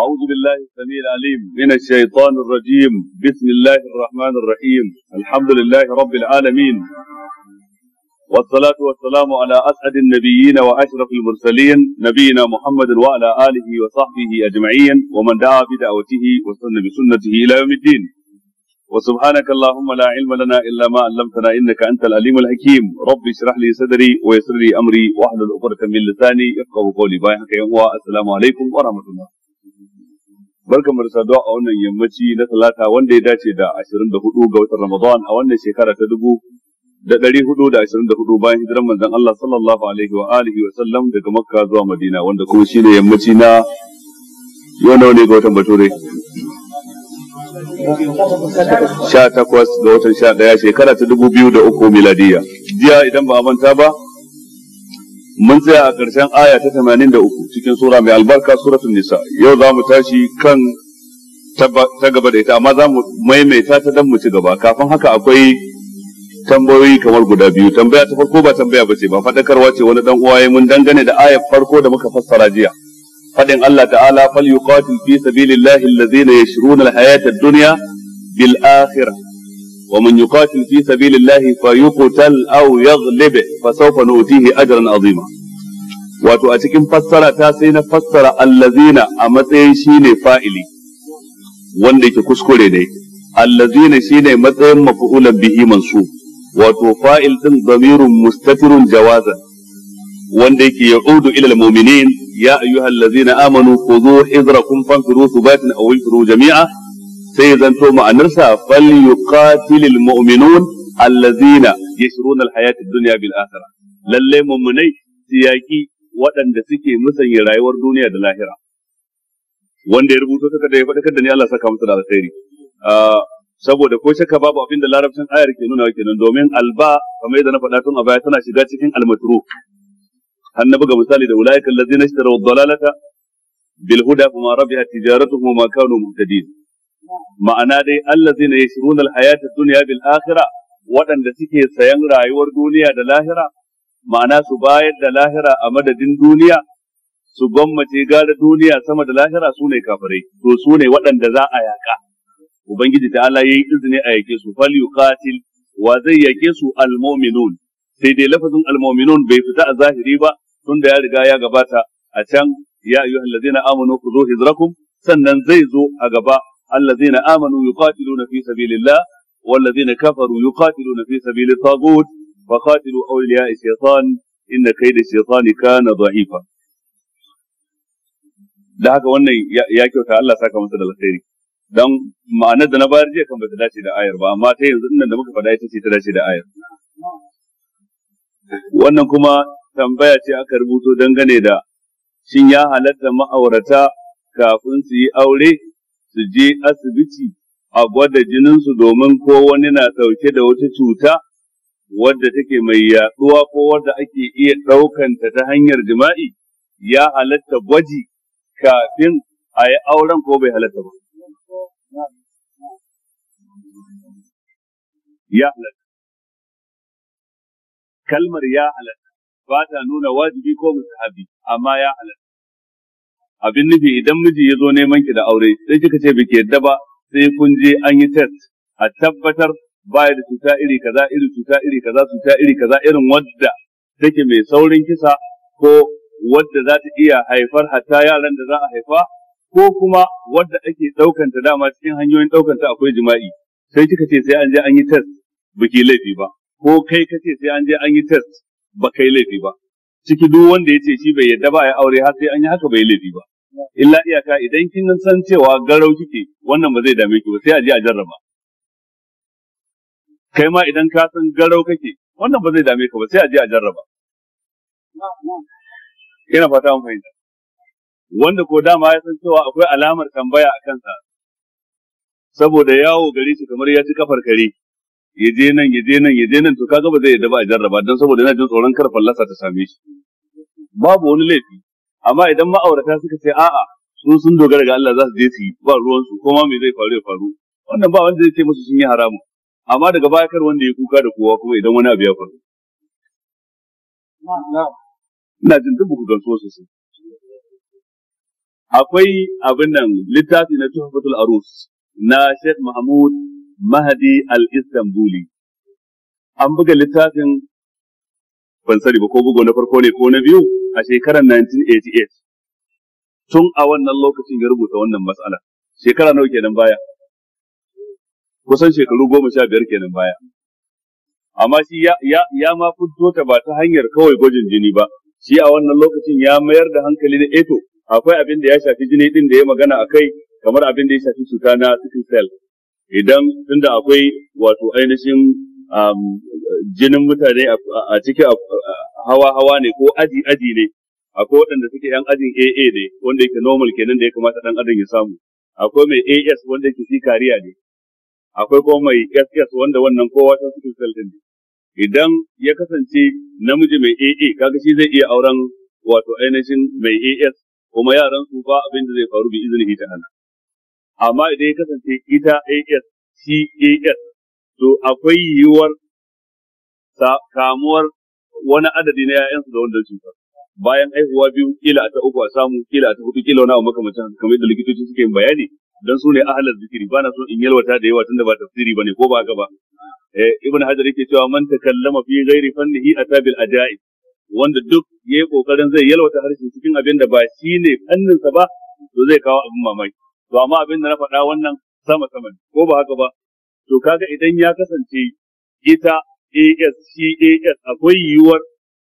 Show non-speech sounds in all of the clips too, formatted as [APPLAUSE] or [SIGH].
أعوذ بالله السميع العليم من الشيطان الرجيم بسم الله الرحمن الرحيم الحمد لله رب العالمين والصلاة والسلام على أسعد النبيين وأشرف المرسلين نبينا محمد وعلى آله وصحبه أجمعين ومن دعا بدعوته وسن بسنته إلى يوم الدين وسبحانك اللهم لا علم لنا إلا ما علمتنا إنك أنت العليم الحكيم رب اشرح لي صدري ويسر لي أمري واحلل عقدة من لساني يفقه قولي بايحك يا السلام عليكم ورحمة الله barkan mu da saduwa a wannan yammaci na talata wanda ya dace da 24 ga watan Ramadan a wannan shekara ta dubu da ɗari hudu da ashirin da hudu bayan hijiran manzon Allah sallallahu alaihi wa alihi wa sallam daga Makka zuwa Madina wanda kuma shine yammaci na yau nawa ne ga watan Bature sha takwas ga watan sha ɗaya shekara ta dubu biyu da uku miladiya jiya idan ba a manta ba mun tsaya a ƙarshen aya ta tamanin da uku cikin sura mai albarka suratun nisa yau za mu tashi kan ta gaba da ita amma za mu maimaita ta don mu ci gaba kafin haka akwai tambayoyi kamar guda biyu tambaya ta farko ba tambaya ba ce ba faɗakarwa ce wani dan uwaye mun dangane da ayar farko da muka fassara jiya Faɗin Allah ta'ala fal yuqatil fi sabilillahi alladhina yashruna alhayata ad-dunya bil akhirah wa man yuqatil fi sabilillahi fayuqtal aw yaghlib fa sawfa nu'tihi ajran 'azima wato a cikin fassara ta sai na fassara allazina a matsayin shine fa'ili wanda yake kuskure ne allazina shine matsayin maf'ulan bihimansu. wato fa'il ɗin zamirun mustatirun jawazan wanda yake udu ilal almu'minin ya ayyuhal ladzina amanu khudhu hidrakum fanfiru thubatin aw infiru jami'a sai zanto ma'anarsa falyuqatilil mu'minun allazina yashruna alhayatid dunya bil akhirah lalle mu'minai siyaki waɗanda suke musanya rayuwar duniya da lahira wanda ya rubuto saka da ya faɗa, da ni Allah saka masa da alkhairi ah, saboda ko shakka babu abin da larabcin ayar ke nuna kenan domin alba kamar yadda na faɗa tun a baya tana shiga cikin almatru annabi ga misali da ulaiikal ladzina ishtaraw ad-dalalata bil huda fama rabihat tijaratuhum wa ma kanu muhtadin ma'ana dai Allah yashruna al-hayata ad duniya bil akhirah waɗanda suke sayan rayuwar duniya da lahira ma'ana su bayar da lahira a madadin duniya su gwammace gara duniya sama da lahira su ne kafirai to su ne waɗanda za a yaƙa ubangiji ta Allah yayi izini a yake su fal yuqatil wa zai yake su almu'minun sai dai lafazin almominun bai fita a zahiri ba Tun da ya riga ya gabata a can ya ayyuhal ladzina amanu khudhu hijrakum sannan zai zo a gaba alladzina amanu yuqatiluna fi sabilillah والذين كفروا يقاتلون في سبيل الطاغوت فقاتلوا أولياء الشيطان إن كيد الشيطان كان ضعيفا da haka wannan ya kyauta Allah saka masa da alkhairi dan ma'anar da na bayar jiya kan bata dace da ayar ba amma ta yanzu nan da muka faɗa ita ce ta dace da ayar wannan kuma tambaya ce aka rubuto dangane da shin ya halatta ma'aurata kafin su yi aure su je asibiti a gwada jininsu domin ko wani na ɗauke da wata cuta wadda take mai yaɗuwa ko wadda ake iya ɗaukanta ta hanyar jima'i ya halatta gwaji kafin a yi auren ko bai halatta ba. Kalmar ya halatta. ba ta nuna wajibi ko mustahabi amma ya halatta abin nufi idan miji ya zo neman ki da aure sai kika ce biki yadda ba sai kun je an yi test a tabbatar baya da cuta iri kaza iri cuta iri kaza cuta iri kaza irin wadda take mai saurin kisa ko wadda za ta iya haifar hatta yaran da za a haifa ko kuma wadda ake ɗaukanta dama cikin hanyoyin ɗaukanta akwai jima'i sai kika ce sai an je an yi test biki laifi ba ko kai ka ce sai an je an yi test ba kai laifi ba ciki duk wanda ya ce shi bai yadda ba ya aure har sai an yi haka bai laifi ba illa iyaka idan kin san cewa garau kike wannan ba zai dame ki ba sai a je a jarraba kai ma idan ka san garau kake wannan ba zai dame ka ba sai a je a jarraba ina fata mun fahimta wanda ko dama ya san cewa akwai alamar tambaya a kansa saboda yawo gari shi kamar ya ci kafar kare ya je nan ya je nan ya je nan to kaga ba zai yadda ba a jarraba don saboda yana jin tsoron kar fallasa ta same shi babu wani laifi amma idan ma'aurata suka ce a'a su sun dogara ga Allah za su je su yi ba ruwan su kuma me zai faru ya faru wannan ba wanda zai ce musu sun yi haramu amma daga baya kar wanda ya kuka da kowa kuma idan wani abu ya faru ina jin duk ku gamsuwa sosai akwai abin nan littafi na tuhfatul arus na Sheikh Mahmud Mahadi al-Istanbuli an buga littafin ban sani ba ko bugo na farko ne ko na biyu a shekarar 1988 tun a wannan lokacin ya rubuta wannan matsala shekara nawa kenan baya kusan shekaru goma sha biyar kenan baya amma shi ya ma fito ta ba ta hanyar kawai gwajin jini ba shi a wannan lokacin ya mayar da hankali na eto eh akwai abin da ya shafi jini din da ya magana a kai kamar abin da ya shafi cuta na sickle cell idan tunda akwai wato ainihin um, jinin mutane a ciki hawa-hawa ne ko aji-aji ne akwai waɗanda suke yan ajin AA ne wanda yake normal kenan da ya kamata ɗan adam ya samu akwai mai AS wanda yake shi kariya ne akwai kuma mai SS wanda wannan kowa ta suke cell ne idan ya kasance namiji mai AA kaga shi zai iya auren wato ainihin mai AS kuma yaran su ba abin da zai faru bi izini ita hana amma idan ya kasance ita as cas to akwai yiwuwar kamuwar wani adadi na 'ya'yansu da wannan cutar bayan haihuwa biyu kila ta uku a samu kila ta hudu kila wani abu makamacin kamar yadda likitoci suke yin bayani dan su ne ahlal zikiri ba na so in yalwata da yawa tunda ba tafsiri bane ko ba haka ba eh ibn hajar yake cewa man takallama fi ghairi fannihi atabil aja'i. wanda duk yayi kokarin zai yalwata harshen cikin abin da ba shine fannin sa ba to zai kawo abin mamaki to amma abin da na faɗa wannan sama sama ko ba haka ba to kaga idan ya kasance ita AS CAS akwai yiwuwar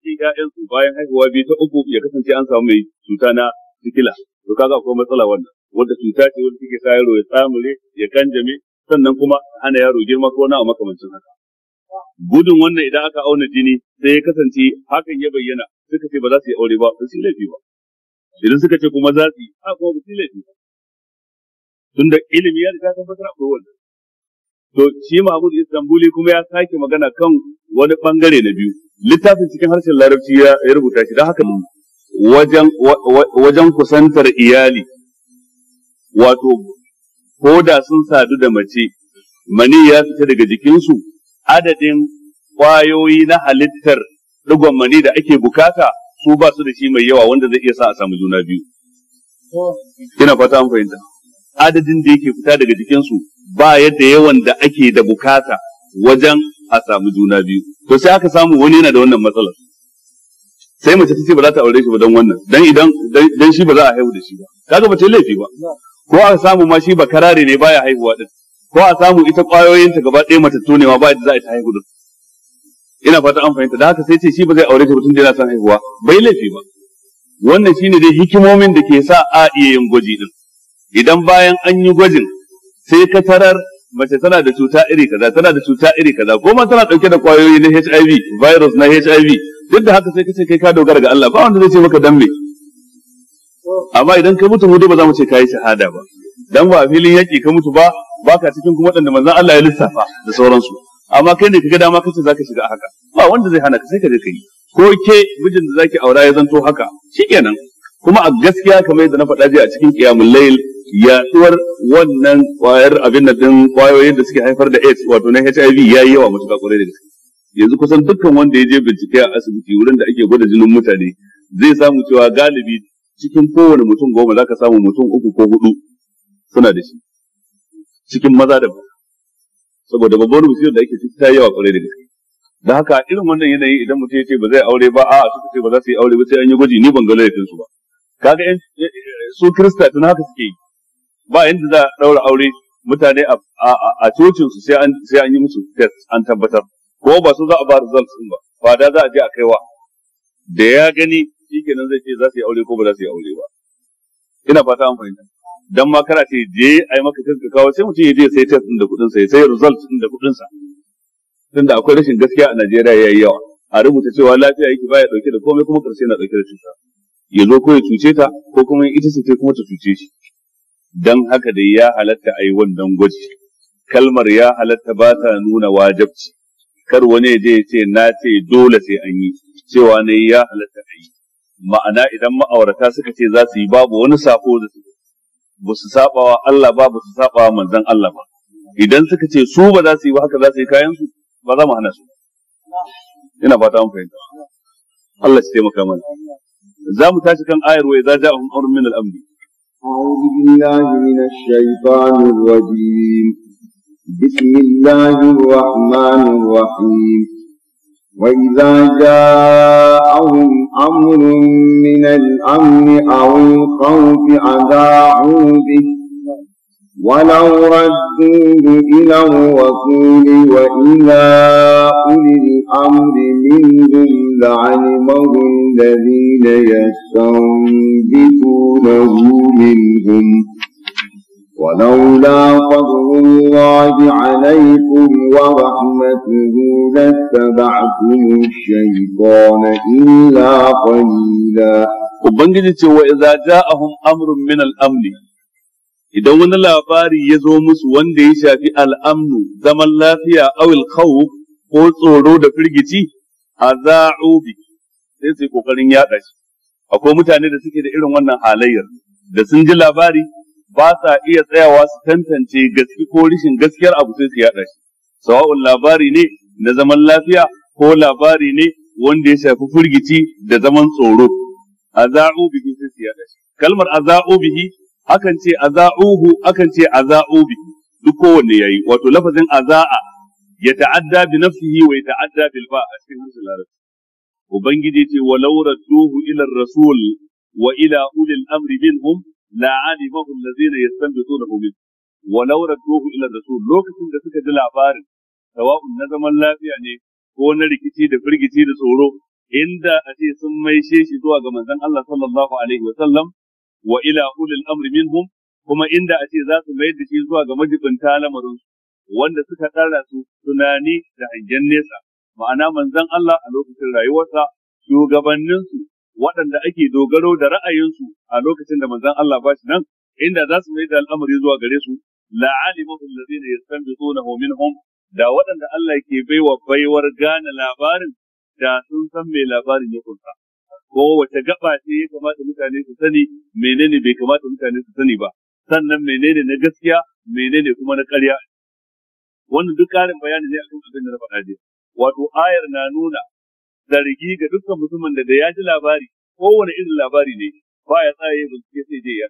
ƴaƴan su bayan haihuwa biyu ta uku ya kasance an samu mai cuta na sikila to kaga akwai matsala wannan wanda cuta ce wanda take sa yaro ya tsamure ya kanjame sannan kuma hana yaro girma ko na makamancin haka gudun wannan idan aka auna jini sai ya kasance hakan ya bayyana suka ce ba za su yi aure ba ba su laifi ba idan suka ce kuma za su yi a kuma ba su laifi ba tunda ilimi ya riga tabbatar akwai wannan to shi Mahmud Istanbuli kuma ya sake magana kan wani bangare na biyu littafin cikin harshen larabci ya rubuta shi don haka wajen wajen kusantar iyali wato ko da sun sadu da mace mani ya fita daga jikinsu adadin kwayoyi na halittar digon mani da ake bukata su ba su da shi mai yawa wanda zai iya sa a samu juna biyu. Ina fata an fahimta. adadin da yake fita daga jikinsu ba yadda yawan da ake da bukata wajen a samu juna biyu to sai aka samu wani yana da wannan matsalar sai mace ta ce ba za ta aure shi ba don wannan don idan don shi ba za a haihu da shi ba kaga ba ta laifi ba ko a samu ma shi ba karare ne baya haihuwa din ko a samu ita kwayoyinta gaba ɗaya mata ne ba yadda za a ta haihu da. ina fata an fahimta da haka sai ce shi ba zai aure shi ba tun da yana son haihuwa bai laifi ba wannan shine dai hikimomin da ke sa a iya yin gwaji din idan bayan an yi gwajin sai ka tarar mace tana da cuta iri kaza tana da cuta iri kaza ko ma tana dauke da kwayoyi na HIV virus na HIV duk da haka sai ka ce kai ka dogara ga Allah ba wanda zai ce maka dan me amma idan ka mutu mu ba za mu ce kai shahada ba dan ba filin yaki ka mutu ba baka cikin kuma da manzon Allah ya lissafa da sauransu amma kai ne kaga dama kace zaka shiga haka ba wanda zai hana ka sai ka je kai ko ke mijin da zaki aura ya zanto haka shikenan kuma a gaskiya kamar yadda na faɗa a cikin qiyamul layl yaduwar wannan kwayar abin da din kwayoyin da suke haifar da AIDS wato na HIV ya yi yawa matuƙa kwarai da gaske yanzu kusan dukkan wanda ya je bincike a asibiti wurin da ake gwada jinin mutane zai samu cewa galibi cikin kowane mutum goma zaka samu mutum uku ko hudu suna da shi cikin maza da mata saboda babbar musiyar da ake ciki ta yawa kwarai da gaske da haka irin wannan yanayi idan mutum ya ce ba zai aure ba a'a suka ce ba za su yi aure ba sai an yi gwaji ni ban ga laifin su ba kaga eh, su kirista tun haka suke yi ba yadda za a ɗaura aure mutane a cocin su sai an yi musu test an tabbatar ko ba su za a ba results din ba fada za a je a kaiwa da ya gani shikenan zai ce za su yi aure ko ba za su yi aure ba ina fata an fahimta dan ma kana ce je a yi maka test ka kawo sai mutum ya je sai test din da kuɗin sa sai results ɗin da kuɗin sa tunda akwai rashin gaskiya a Najeriya ya yi yawa a rubuta cewa lafiya yake baya dauke da komai kuma karshe na dauke da cuta ya zo ko ya cuce ta ko kuma ita ce kuma ta cuce shi don haka dai ya halatta a yi wannan gwaji kalmar ya halatta ba ta nuna wajabci kar wani je ce na ce dole sai an yi cewa ne ya halatta a yi ma'ana idan ma'aurata suka ce za su yi babu wani sako da su ba su sabawa Allah ba ba su sabawa manzon Allah ba idan suka ce su ba za su yi ba haka za su yi kayan su ba za mu hana su ina fata mun fahimta Allah shi taimaka mana za mu tashi kan ayar wai za ja'ahum amrun min al-amn أعوذ بالله من الشيطان الرجيم بسم الله الرحمن الرحيم وإذا جاءهم أمر من الأمن أو الخوف أذاعوا به ولو ردوه إلى الرسول وإلى أولي الأمر منهم لعلمه الذين يستنبطونه منهم ولولا فضل الله عليكم ورحمته لاتبعتم الشيطان إلا قليلا وبنجد وإذا جاءهم أمر من الأمن idan wani labari ya zo musu wanda ya shafi al'amnu zaman lafiya awil khawf ko tsoro da firgici a za'ubi sai su yi kokarin yaɗa shi akwai mutane da suke da irin wannan halayyar da sun ji labari ba sa iya tsayawa su tantance gaske ko rishin gaskiyar abu sai su yaɗa shi sawa'un labari ne na zaman lafiya ko labari ne wanda ya shafi firgici da zaman tsoro a za'ubi sai su yaɗa shi kalmar a za'ubihi akan ce a aza'uhu akan ce aza'u bi duk kowanne ya yi, wato lafazin za'a. ya ta'adda bi nafsihi wa ya ta'adda bil ba a cikin harshen larabci ubangiji ce walau Duhu, ila rasul wa ila ulil amri minhum la alimahu allazina yastanbitunahu min walau Duhu, ila rasul lokacin da suka ji labarin sawa'un na zaman lafiya ne ko na rikici da firgici da tsoro inda a ce sun maishe shi zuwa ga manzon Allah sallallahu alaihi wa sallam wa ila ulil amri minhum kuma inda a ce za su mayar da shi zuwa ga majibinta lamarin wanda suka tsara su tunani da hangen nesa ma'ana manzon Allah a lokacin rayuwarsa shugabanninsu waɗanda ake dogaro da ra'ayinsu a lokacin da manzon Allah ba shi nan inda za su mayar da al'amari zuwa gare su la alimu alladhina yastanbitunahu minhum da waɗanda Allah ke baiwa baiwar gane labarin da sun san mai labarin ya kunsa ko wace gaba ce ya kamata mutane su sani menene bai kamata mutane su sani ba sannan menene na gaskiya menene kuma na ƙarya wannan duk ƙarin bayani ne akan abin da na faɗa jiya. wato ayar na nuna zargi ga dukkan mutumin da ya ji labari kowane irin labari ne ba ya tsaya bincike sai je ya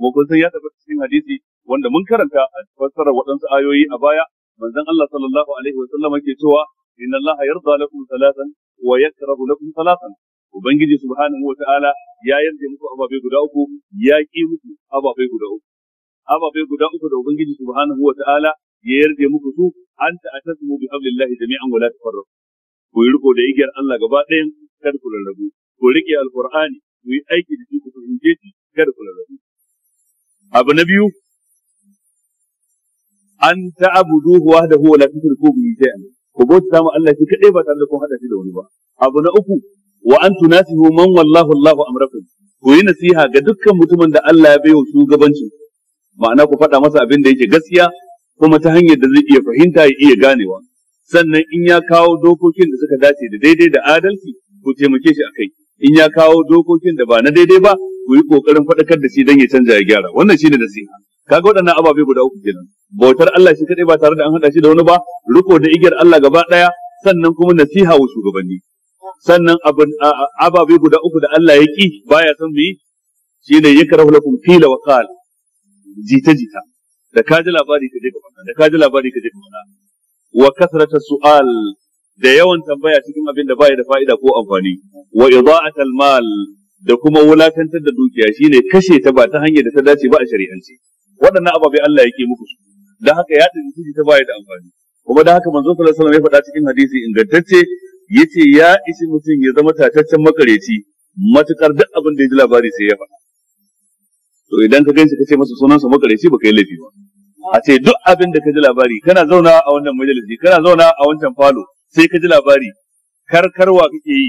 mu kun san ya tabbata cikin hadisi wanda mun karanta a fassarar waɗansu ayoyi a baya manzon Allah sallallahu alaihi wa sallam yake cewa inna Allah yarda lakum salatan wa yakrahu lakum salatan ubangiji subhanahu wa ta'ala ya yarda muku ababai guda uku ya ki muku ababai guda uku ababai guda uku da ubangiji subhanahu wa ta'ala ya yarda muku su an ta atasmu bi hablillahi jami'an wa la tafarraq ku yi riko da igiyar Allah gaba ɗayan kada ku rarrabu ku rike alqur'ani ku yi aiki da duk ku jeji kada ku rarrabu abu na biyu an ta'buduhu wahdahu wa la tushriku bihi shay'an ku bauta mu Allah shi kadai ba tare da kun hada shi da wani ba abu na uku wa an tunasihu man wallahu Allahu amrakum ku yi nasiha ga dukkan mutumin da Allah ya baiwa shugabancin ma'ana ku faɗa masa abin da yake gaskiya kuma ta hanyar da zai iya fahimta ya iya ganewa sannan in ya kawo dokokin da suka dace da daidai da adalci ku taimake shi akai in ya kawo dokokin da ba na daidai ba ku yi kokarin faɗakar da shi don ya canza ya gyara wannan shine nasiha kaga waɗannan ababe guda uku kenan bautar Allah shi kadai ba tare da an haɗa shi da wani ba riko da igiyar Allah gaba ɗaya sannan kuma nasiha wa shugabanni sannan ababe guda uku da Allah ya ki baya son mu yi shine yakrahu lakum qila wa qal jita jita da kaji labari ka je ka faɗa da kaji labari ka je ka faɗa wa kasrata su'al da yawan tambaya cikin abin da baya da fa'ida ko amfani wa ida'atal mal da kuma wulakantar da dukiya shine kashe ta ba ta hanyar da ta dace ba a shari'ance waɗannan ababe Allah yake muku su Da haka ya dinki ta baya da amfani kuma da haka manzo sallallahu alaihi wasallam ya faɗa cikin hadisi ingantacce yace ya ishi mutum ya zama tataccen makareci matukar duk abin da ya ji labari sai ya faɗa to idan ka ganshi ka ce masa sunansa makareci ka yi laifi ba a ce duk abin da ka ji labari kana zauna a wannan majalisi kana zauna a wancan falo sai ka ji labari karkarwa kake yi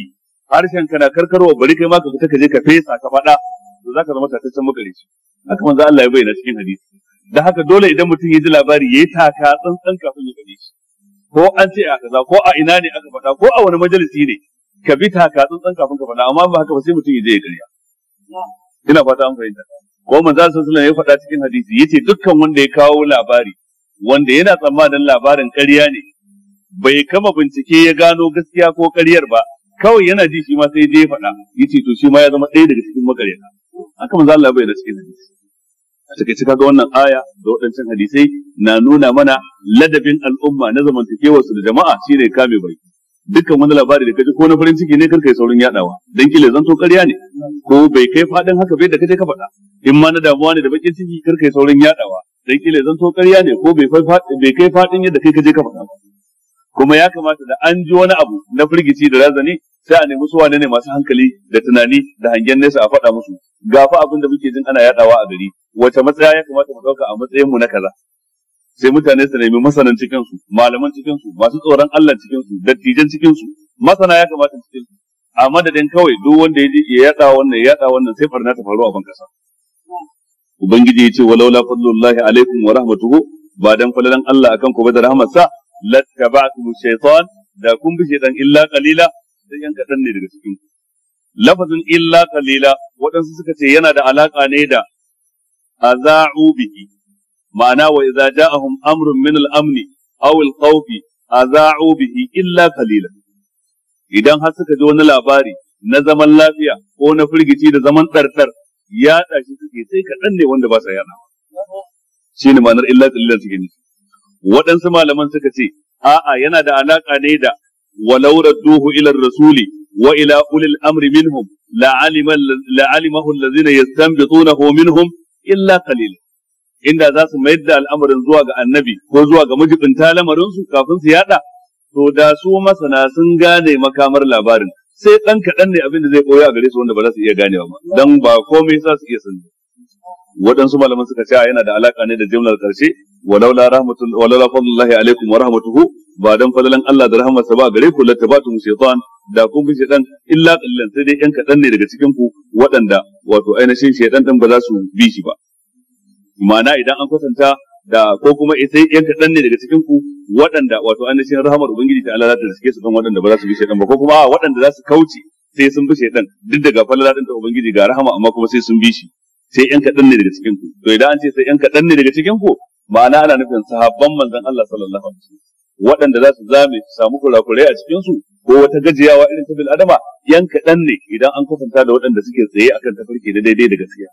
harshen kana karkarwa bari kai ma ka fita ka je ka fesa ka faɗa to za ka zama tataccen makareci haka manzo Allah ya bayyana cikin hadisi da haka dole idan mutum ya ji labari ya yi taka tsantsan kafin ya gane shi ko an ce a kaza ko a ina ne aka faɗa ko a wani majalisi ne ka bi ta tsantsan kafin ka faɗa amma ba haka ba sai mutum ya je ya karya ina fata an fahimta ko su sallallahu alaihi ya faɗa cikin hadisi yace dukkan wanda ya kawo labari wanda yana tsammanin labarin ƙarya ne bai kama bincike ya gano gaskiya ko ƙaryar ba kawai yana ji shi ma sai je ya faɗa yace to shi ma ya zama ɗaya daga cikin makaryata haka manzo Allah bai da cikin hadisi take cika kaga wannan aya da waɗancan hadisai na nuna mana ladabin al'umma na zamantakewarsu da jama'a shine kame bai dukkan wani labari da kaje ko na farin ciki ne karka yi saurin yadawa dan zan to ƙarya ne ko bai kai fadin haka bai da kaje ka faɗa in ma na damuwa ne da bakin ciki karka yi saurin yadawa dan zan to ƙarya ne ko bai kai fadin yadda kai kaje ka faɗa kuma ya kamata da an ji wani abu na firgici da razani sai a nemi su wane ne masu hankali da tunani da hangen nesa a faɗa musu gafa fa abin da muke jin ana yadawa a gari wace matsaya ya kamata mu ɗauka a matsayin mu na kaza sai mutane su nemi masanan cikin su malaman cikin su masu tsoron Allah cikin su dattijan cikin su masana ya kamata cikin su a madadin kawai duk wanda ya ya yada wannan ya yada wannan sai farna ta faru a ban kasa ubangiji ya ce walaula fadlullahi alaikum wa rahmatuhu ba dan falalan Allah akan ku ba da rahmatsa lattaba'tum shaytan da kun bi shaytan illa qalila da yan kadan ne daga cikin lafazin illa qalila waɗansu suka ce yana da alaka ne da aza'u bihi ma'ana wa idza ja'ahum amrun min al-amni aw al-khawf aza'u bihi illa qalila idan har suka ji wani labari na zaman lafiya ko na firgici da zaman ɗarɗar ya tashi suke sai kaɗan ne wanda ba sa yana shi ma'anar illa qalilan suke nufi waɗansu malaman suka ce a'a yana da alaƙa ne da walau radduhu ila rasuli wa ila ulil amri minhum la'alimahu lazina la alimahu allazina yastanbitunahu minhum illa qalil inda za su mayar da al'amarin zuwa ga annabi ko zuwa ga mijibinta lamarin su kafin su yada to da su masana sun gane makamar labarin sai ɗan kaɗan ne abin da zai koya a gare su wanda ba za su iya ganewa ba don ba komai za su iya sani waɗansu malaman suka ce yana da alaƙa ne da jimlar ƙarshe walaula rahmatun walaula fadlullahi alaikum wa rahmatuhu ba dan fadlan Allah da rahmarsa ba gare ku latabatum shaytan da kun bi shaytan illa qallan sai dai yan kadan ne daga cikin ku waɗanda wato ainihin shaytan din ba za su bi shi ba ma'ana idan an kwatanta da ko kuma sai yan kadan ne daga cikin ku waɗanda wato ainihin rahmar ubangiji ta Allah za ta riske su kan waɗanda ba za su bi shaytan ba ko kuma waɗanda za su kauce sai sun bi shaytan duk daga fadalan din ta ubangiji ga rahama amma kuma sai sun bi shi sai yan kaɗan ne daga cikin ku to idan an ce sai yan kaɗan ne daga cikin ku ma'ana ana nufin sahabban manzon Allah sallallahu alaihi wasallam waɗanda za su zame su samu kurakurai a cikin su ko wata gajiyawa irin ta bil adama yan kaɗan ne idan an kwatanta da waɗanda suke tsaye akan tafarki da daidai da gaskiya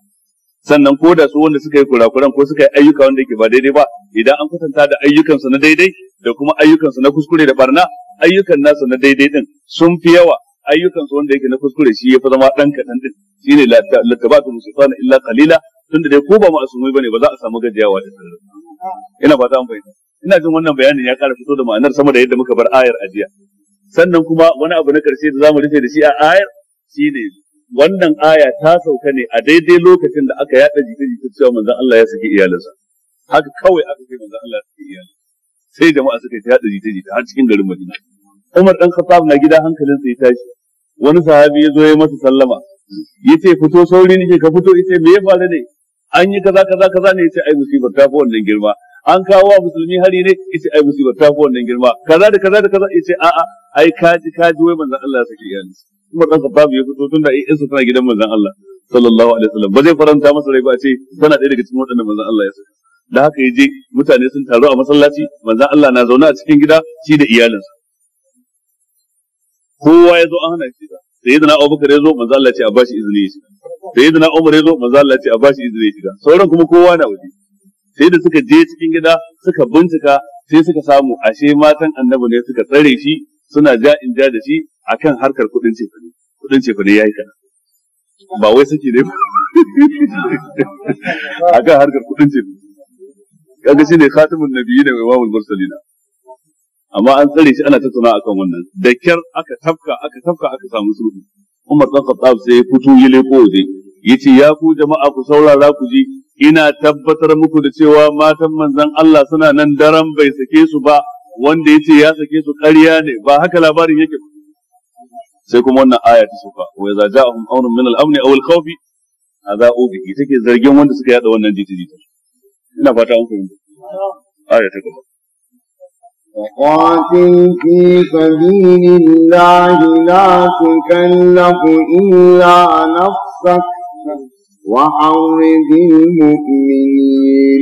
sannan ko da su wanda suka yi kurakuran ko suka yi ayyuka wanda yake ba daidai ba idan an kwatanta da ayyukansu na daidai da kuma ayyukansu na kuskure da barna ayyukan nasu na daidai din sun fi yawa ayyukan su wanda yake na kuskure shi ya fi zama dan kadan din ne lattabatu musifana illa kalila tunda dai ko ba mu asumai bane ba za a samu gajiyawa da sirri ina ba ta amfani ina jin wannan bayanin ya ƙara fito da ma'anar sama da yadda muka bar ayar ajiya sannan kuma wani abu na karshe da za mu rufe da shi a ayar Shi ne. wannan aya ta sauka ne a daidai lokacin da aka yaɗa jita-jita cewa manzon Allah ya saki iyalinsa haka kawai aka ce manzon Allah ya saki iyalinsa sai jama'a suka yi yaɗa jita-jita har cikin garin Madina Umar dan Khattab na gida hankalinsa ya tashi wani sahabi ya zo ya masa sallama Ya ce fito sauri nake ka fito ce me ya faru ne an yi kaza kaza kaza ne ce ai musibar ta fi wannan girma an kawo wa musulmi hari ne ce ai musibar ta fi wannan girma kaza da kaza da kaza ya ce a'a ai kaji kaji wai manzon Allah ya saki iyali kuma dan Khattab ya fito tunda ai insa tana gidan manzon Allah sallallahu alaihi wasallam ba zai faranta masa rai ba ce tana ɗaya daga cikin waɗanda manzon Allah ya saki da haka ya je mutane sun taru a masallaci manzon Allah na zaune a cikin gida shi da iyalinsa kowa ya zo an hana shi sai yana Abubakar ya zo manzo Allah ce a bashi izini ya shiga sai yana Umar ya zo manzo Allah ce a bashi izini ya shiga sauran kuma kowa na waje sai da suka je cikin gida suka bincika sai suka samu ashe matan annabi ne suka tsare shi suna ja in ja da shi akan harkar kudin cefane kudin cefane yayi kana ba wai suke ne ba akan [LAUGHS] harkar kudin cefane kaga shine khatamun nabiyyi da imamul mursalina amma an tsare shi ana tattauna akan wannan da kyar aka tafka aka tafka aka samu sulhu Umar dan Khattab sai ya fito ya leko waje yace ya ku jama'a ku saurara ku ji ina tabbatar muku da cewa matan manzon Allah suna nan daren bai sake su ba wanda yace ya sake su ƙarya ne ba haka labarin yake sai kuma wannan aya ta suka wa idza ja'ahum amrun min al-amn aw al-khawf adha'u bihi take zargin wanda suka yada wannan jita-jita ina fata an fahimta aya ta gaba وقاتل في سبيل الله لا تكلف إلا نفسك وحرد المؤمنين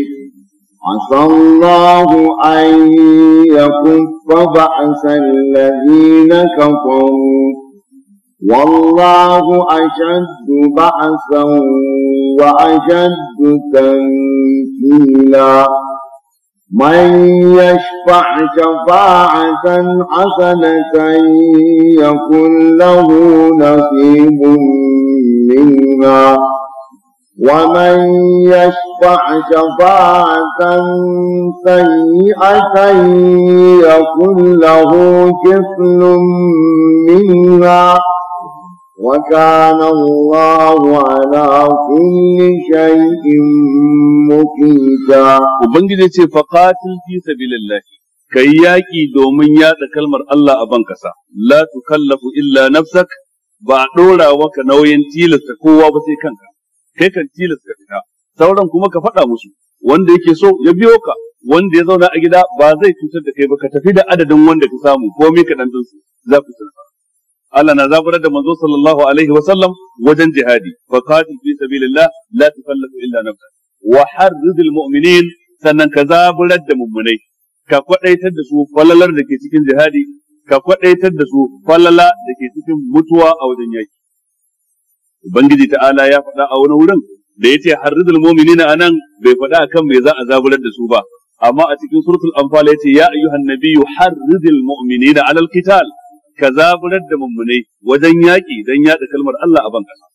عسى الله أن يكف بأس الذين كفروا والله أشد بأسا وأشد تنكيلا من يشفع شفاعة حسنة يكن له نصيب منها ومن يشفع شفاعة سيئة يكن له كفل منها وكان الله على كل شيء مقيتا وبنجد فقاتل في سبيل الله kai yaƙi domin yatsa kalmar Allah a ban ƙasa, la tukallafu illa nafsak ba a ɗora maka nauyin tilasta kowa ba sai kanka, kai kan tilasta fita, sauran kuma ka faɗa musu, wanda yake so ya biyo ka, wanda ya zauna a gida ba zai cutar da kai ba ka tafi da adadin wanda ka samu ko me ka ɗan su Allah na zaburar da manzo sallallahu alaihi wa sallam wajen jihadi fa qatil fi sabilillah la tukallafu illa nafsa wa harridil mu'minin sannan ka zaburar da mummunai ka kwadaitar da su falalar da ke cikin jihadi ka kwadaitar da su falala da ke cikin mutuwa a wajen yaki ubangiji ta'ala ya faɗa a wani wurin da yace harridil mu'minina anan bai faɗa akan me za a zaburar da su ba amma a cikin suratul anfal yace ya ayyuhan nabiyyu harridil mu'minina alal qital ka zaburar da mummunai wajen yaƙi don yaɗa kalmar Allah a ban ƙasa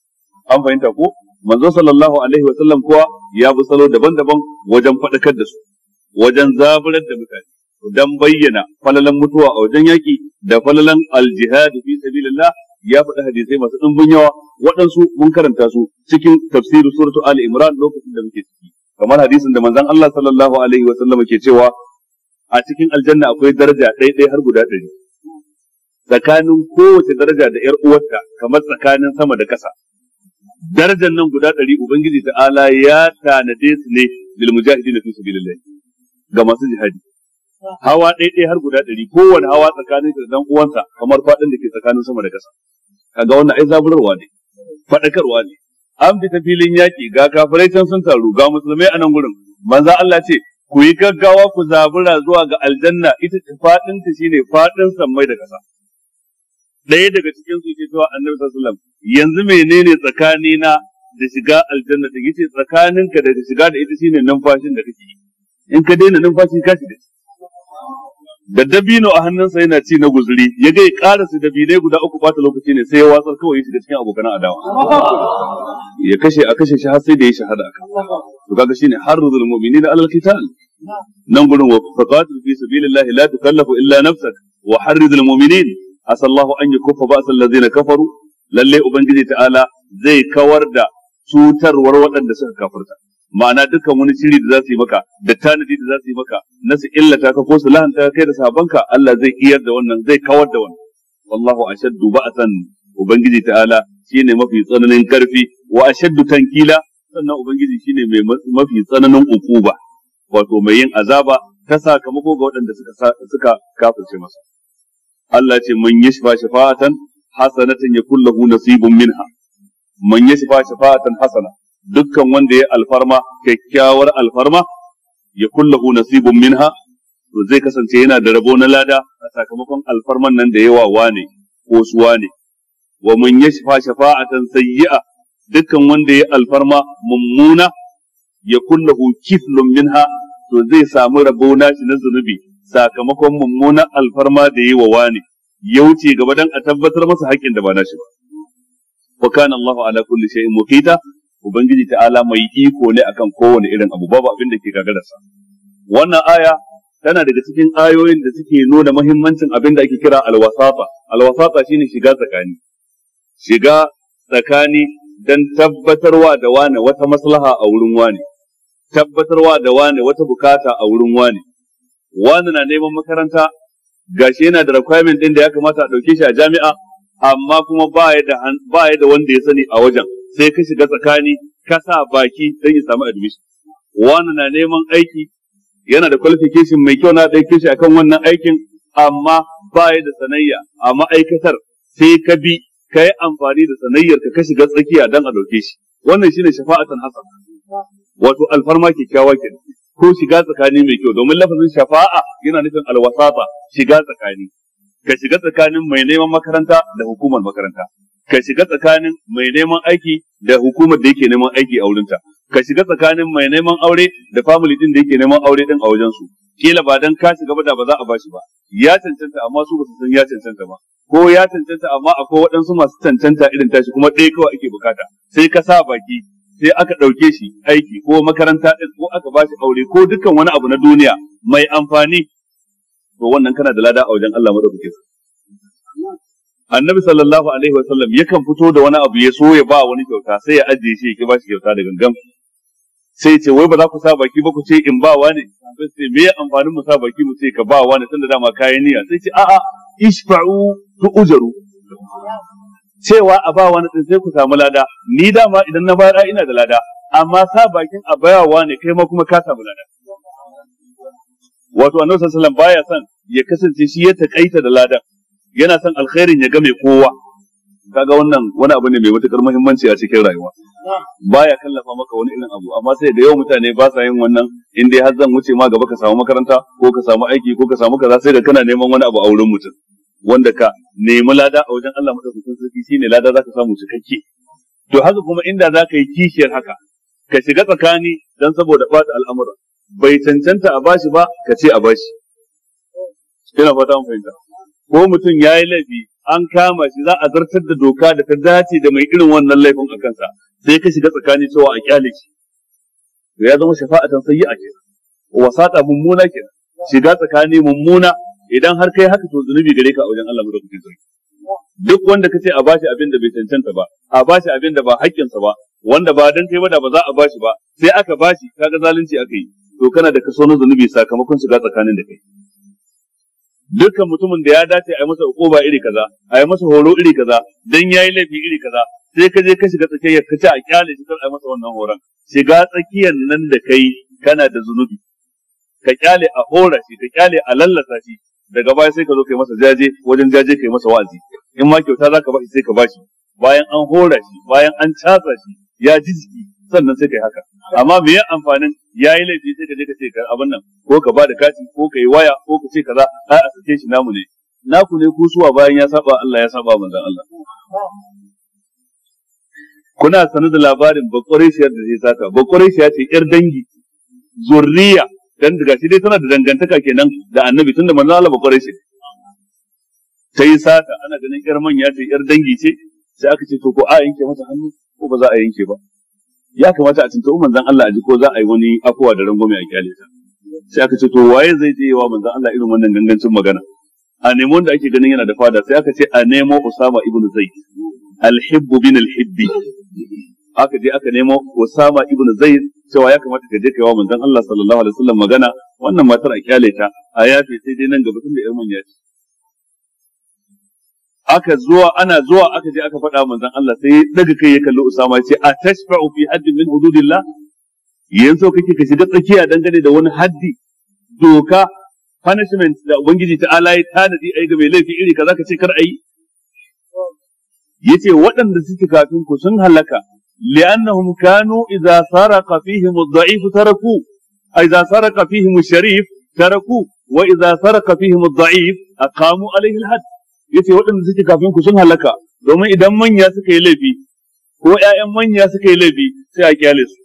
an fahimta ko manzo sallallahu alaihi wa sallam kuwa ya bi salo daban-daban wajen faɗakar da su wajen zaburar da mutane dan bayyana falalan mutuwa a wajen yaƙi da falalan aljihad fi sabilillah ya faɗi hadisai masu ɗumbin yawa waɗansu mun karanta su cikin tafsirin suratu Ali Imran lokacin da muke ciki kamar hadisin da manzon Allah sallallahu alaihi wa sallam ke cewa a cikin aljanna akwai daraja ɗaya ɗaya har guda ɗari tsakanin kowace daraja da ‘yar uwarta kamar tsakanin sama da ƙasa. Darajar nan guda ɗari Ubangiji ta'ala ya tanade su ne lil na fi sabilillah ga masu jihadi. Hawa ɗaya har guda ɗari kowane hawa tsakanin da dan uwansa kamar faɗin da ke tsakanin sama da ƙasa. Kaga wannan ai zaburarwa ne, faɗakarwa ne. An fita filin yaƙi ga kafirai can sun taru ga musulmai a nan gurin. Manza Allah ce ku yi gaggawa ku zabura zuwa ga aljanna ita faɗinta shine faɗin sammai da ƙasa. ɗaya daga cikin su ce cewa annabi sallallahu alaihi yanzu menene tsakanina da shiga aljanna da yace tsakaninka da shiga da ita shine numfashin da kake yi in ka daina numfashi ka shiga da dabino a hannunsa yana ci na guzuri ya ga ya karasa dabinai guda uku bata lokaci ne sai ya watsar kawai ya shiga cikin abokan adawa ya kashe a kashe shi har sai da ya shahada aka to kaga shine harruzul mu'minina alal qital nan gurin wa faqatil fi sabilillahi la tukallafu illa nafsak wa harrizul mu'minin asallahu an yakuffa zai na kafaru lalle ubangiji ta'ala zai kawar da cutarwar waɗanda suka kafirta ma'ana dukkan wani shiri da za su yi maka da tanadi da za su yi maka na su illata ka ko su lahanta kai da sabanka Allah zai iyar da wannan zai kawar da wannan wallahu ashaddu ba'san ubangiji ta'ala shine mafi tsananin karfi wa ashaddu tankila sannan ubangiji shine mai mafi tsananin ukuba wato mai yin azaba ta sakamako ga waɗanda suka suka kafirce masa Allah ce man yashfa shafa'atan hasanatan ya kullahu nasibun minha man yashfa shafa'atan hasana dukkan wanda ya alfarma kyakkyawar alfarma ya kullahu nasibun minha to zai kasance yana da rabo na lada a sakamakon alfarman nan da yawa wane ko suwa ne. wa man yashfa shafa'atan sayyi'a dukkan wanda ya alfarma mummuna ya kullahu kiflun minha to zai samu rabo na shi na zunubi sakamakon mummunan alfarma da yi wa wani ya wuce gaba dan a tabbatar masa haƙƙin da ba nashi ba wa kana Allahu ala kulli shay'in muqita ubangiji ta'ala mai iko ne akan kowane irin abu babu abin da ke gagararsa wannan aya tana daga cikin ayoyin da suke nuna mahimmancin abin da ake kira alwasafa alwasafa shine shiga tsakani shiga tsakani dan tabbatarwa da wane wata maslaha a wurin wane tabbatarwa da wane wata bukata a wurin wane wani na neman makaranta gashi yana da requirement din da ya kamata a ɗauke shi a jami'a amma kuma ba ya da da wanda ya sani a wajen sai ka shiga tsakani ka sa baki don ya samu admission wani na neman aiki yana da qualification mai kyau na ɗauke shi akan wannan aikin amma ba ya da sanayya a ma'aikatar sai ka bi ka yi amfani da sanayyar ka shiga tsakiya don a ɗauke shi wannan shine shafa'atan hasan wato alfarma kyakkyawa kenan ko shiga tsakani mai kyau domin lafazin shafa'a yana nufin alwasata shiga tsakani ka shiga tsakanin mai neman makaranta da hukumar makaranta ka shiga tsakanin mai neman aiki da hukumar da yake neman aiki a wurinta ka shiga tsakanin mai neman aure da family din da yake neman aure din a wajen su kila ba dan ka shiga ba da ba za a bashi ba ya cancanta amma su ba su san ya cancanta ba ko ya cancanta amma akwai waɗansu masu cancanta irin tashi kuma ɗaya kawai ake bukata sai ka sa baki sai aka ɗauke shi aiki ko makaranta ɗin ko aka ba shi aure ko dukkan wani abu na duniya mai amfani to wannan kana da lada a wajen Allah madaukakin Annabi sallallahu alaihi wasallam yakan fito da wani abu ya so ya ba wani kyauta sai ya ajiye shi ya ba shi kyauta da gangan sai ce wai ba za ku sa baki ba ku ce in ba wani sai ce me amfani mu sa baki mu ce ka ba wani tunda dama kayan niyya sai ce a'a ishfa'u tu'jaru cewa a ba wani sai ku samu lada ni dama idan na bada ina da lada amma sa bakin a bayawa ne kai ma kuma ka samu lada wato annabi sallallahu baya son ya kasance shi ya takaita da lada yana son alkhairin ya game kowa kaga wannan wani abu ne mai matukar muhimmanci a cikin rayuwa baya kallafa maka wani irin abu amma sai da yawan mutane ba sa yin wannan in dai har zan wuce ma gaba ka samu makaranta ko ka samu aiki ko ka samu kaza sai da kana neman wani abu a wurin mutum wanda ka nemi lada a wajen Allah madaukakin sarki shine lada zaka samu cikakke to haka kuma inda zaka yi kishiyar haka ka shiga tsakani dan saboda bada al'amura bai cancanta a bashi ba ka ce a bashi ina fata mun fahimta ko mutum ya yi laifi an kama shi za a zartar da doka da ta dace da mai irin wannan laifin a kansa sai ka shiga tsakani cewa a kyale shi to ya zama shafa'atan sayyi'a kenan wasata mummuna kenan shiga tsakani mummuna idan har kai haka to zunubi gare ka a wajen Allah madaukakin sarki duk wanda ka ce a bashi abin da bai cancanta ba a bashi abin da ba haƙƙinsa ba wanda ba dan kai ba da ba za a bashi ba sai aka bashi kaga zalunci aka yi to kana da kaso na zunubi sakamakon shiga tsakanin da kai dukkan mutumin da ya dace a yi masa hukuma iri kaza a yi masa horo iri kaza dan yayi laifi iri kaza sai ka je ka shiga tsakiyar ka ci a kyale shi kar a yi masa wannan horon shiga tsakiyar nan da kai kana da zunubi ka kyale a hora shi ka kyale a lallasa shi daga baya sai ka zo kai masa jaje wajen jaje kai masa wa'azi in ma kyauta zaka ba shi sai ka ba shi. bayan an hora shi bayan an casa shi ya ji jiki sannan sai kai haka amma me ya amfanin yayi laifi sai ka je ka ce abin nan ko ka ba da kati ko ka yi waya ko ka ce kaza ai a sake shi namu ne naku ne ku suwa bayan ya saba Allah ya saba manzon Allah kuna sanar da labarin bakwarishiyar da zai sata bakwarishiyar ce yar dangi zurriya dan daga shi dai tana da dangantaka kenan da annabi tun da manzo Allah kware shi ta yi sata ana ganin yar manya ce yar dangi ce sai aka ce to ko a yanke mata hannu ko ba za a yanke ba ya kamata a tuntuɓi manzon Allah a ji ko za a yi wani afuwa da rangwame a kyale ta sai aka ce to waye zai je wa manzon Allah irin wannan gangancin magana a nemo wanda ake ganin yana da fada sai aka ce a nemo Usama ibn Zaid al-hibbu bin al-hibbi aka je aka nemo Usama ibn Zaid cewa ya kamata ka je kai wa manzon Allah sallallahu alaihi wasallam magana wannan matar a kyale ta a yafe sai dai nan gaba tun da yar manya ce aka zuwa ana zuwa aka je aka faɗa manzon Allah sai daga kai ya kalli Usama ya ce a tashfa'u fi haddin min hududillah yanzu kake ka shiga tsakiya dangane da wani haddi doka punishment da ubangiji ta ala ya tanadi ai ga mai laifi iri kaza ka ce kar ayi yace waɗanda suke kafin ku sun halaka لأنهم كانوا إذا سرق فيهم الضعيف تركوه إذا سرق فيهم الشريف تركوه وإذا سرق فيهم الضعيف أقاموا عليه الحد yace waɗanda suke kafin ku sun halaka domin idan manya suka laifi ko ƴaƴan manya suka laifi sai a kyale su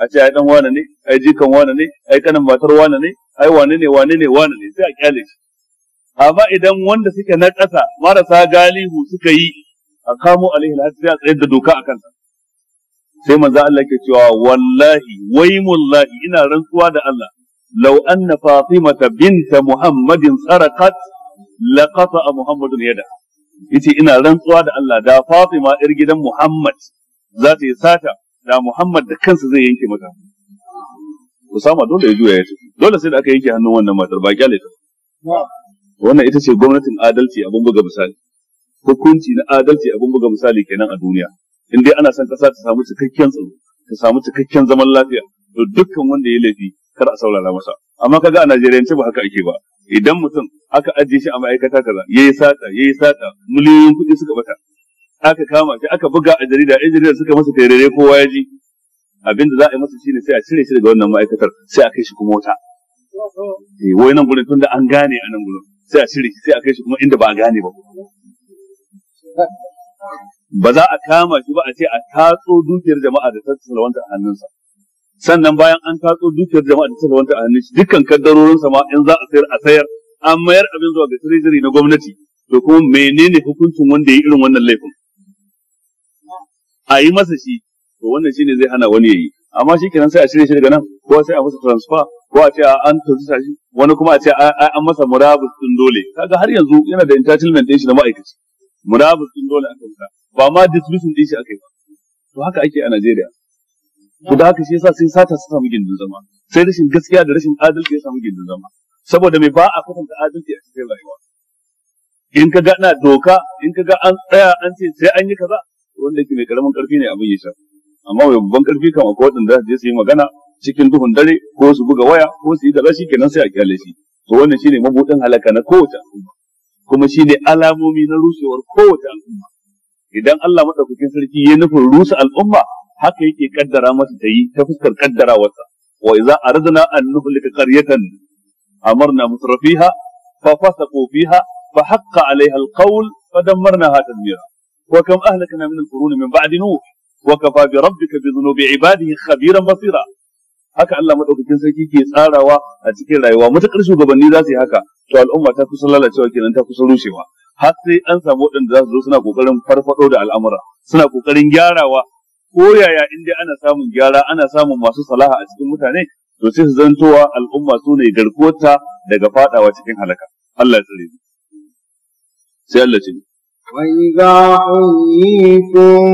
a ce ai dan wane ne ai jikan wane ne ai kanin matar wane ne ai wane ne wane ne wane ne sai a kyale shi amma idan wanda suke na ƙasa marasa galihu suka yi a a tsayar da doka a sai manzo Allah ke cewa wallahi wai wallahi, ina rantsuwa da Allah law anna fatimata binta muhammadin sarakat laqata muhammadun yada yace ina rantsuwa da Allah da fatima yar gidan muhammad za ta yi sata da muhammad da kansa zai yanke mata Usama dole ya juya ya tafi dole sai da aka yanke hannun wannan matar ba kyale ta wannan ita ce gwamnatin adalci abin buga misali hukunci na adalci abin buga misali kenan a duniya in dai ana son ƙasa ta samu cikakken tsaro ta samu cikakken zaman lafiya to dukkan wanda ya laifi kar a saurara masa amma kaga a Najeriya ce ba haka ake ba idan mutum aka ajiye shi a ma'aikata kaza yayi sata yayi sata miliyoyin kuɗi suka bata aka kama shi aka buga a jarida a jarida suka masa tarere kowa ya ji abinda za a yi masa shine sai a cire shi daga wannan ma'aikatar sai a kai shi kuma wata eh wai nan gurin tunda an gane a nan gurin sai a cire shi sai a kai shi kuma inda ba a gane ba ba za a kama shi ba a ce a tatso dukiyar jama'a da ta salwanta a hannunsa sannan bayan an tatso dukiyar jama'a da ta salwanta a hannun shi dukkan kaddarorinsa ma in za a sayar a sayar an mayar abin zuwa ga treasury na gwamnati to kuma menene hukuncin wanda ya yi irin wannan laifin a yi masa shi to wannan shi ne zai hana wani ya yi amma shi kenan sai a shirya shi daga nan ko sai a masa transfer ko a ce a an tausa shi wani kuma a ce an masa murabus din dole kaga har yanzu yana da entitlement din shi na ma'aikaci munafikin dole aka wuta ba ma dismissal din shi yi ba to haka ake a Najeriya to da haka shi yasa sai sata su samu gindin zama sai rashin gaskiya da rashin adalci ya samu gindin zama saboda mai ba a kwatanta adalci a cikin rayuwa in ka ga na doka in ka ga an tsaya an ce sai an yi kaza wanda yake mai karamin karfi ne abin ya sha amma mai babban karfi kan akwai waɗanda za su yi magana cikin duhun dare ko su buga waya ko su yi da rashi kenan sai a kyale shi to wannan shine mabuɗin halaka na kowace al'umma kuma shine alamomi na rushewar kowace al'umma idan Allah madaukakin sarki ya nufin rusa al'umma haka yake kaddara masa ta yi ta fuskar kaddara kaddarawarsa wa idza aradna an nuhlika qaryatan amarna mutrafiha fa fasaqu fiha fa haqqa 'alayha al-qawl fa dammarnaha tadmira wa kam ahlakna min al-qurun min ba'di nuh wa kafa bi rabbika bi dhunubi 'ibadihi khabiran basira haka Allah madaukakin sarki ke tsarawa a cikin rayuwa mutakar shugabanni za su yi haka to al'umma ta kusa lalacewa kenan ta kusa rushewa har sai an samu waɗanda za su zo suna kokarin farfaɗo da al'amura suna kokarin gyarawa ko yaya in dai ana samun gyara ana samun masu salaha a cikin mutane to sai su zantowa al'umma su ne garkuwarta daga faɗawa cikin halaka Allah ya tsare sai Allah ce وإذا حييتم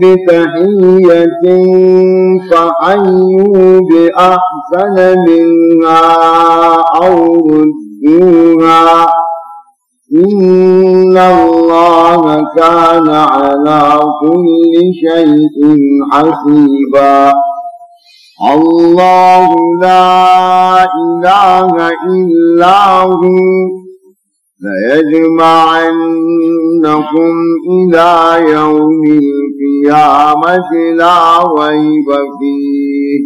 بتحية فحيوا بأحسن منها أو فيها إن الله كان على كل شيء حسيبا الله لا إله إلا هو ليجمعنكم إلى يوم القيامة لا ريب فيه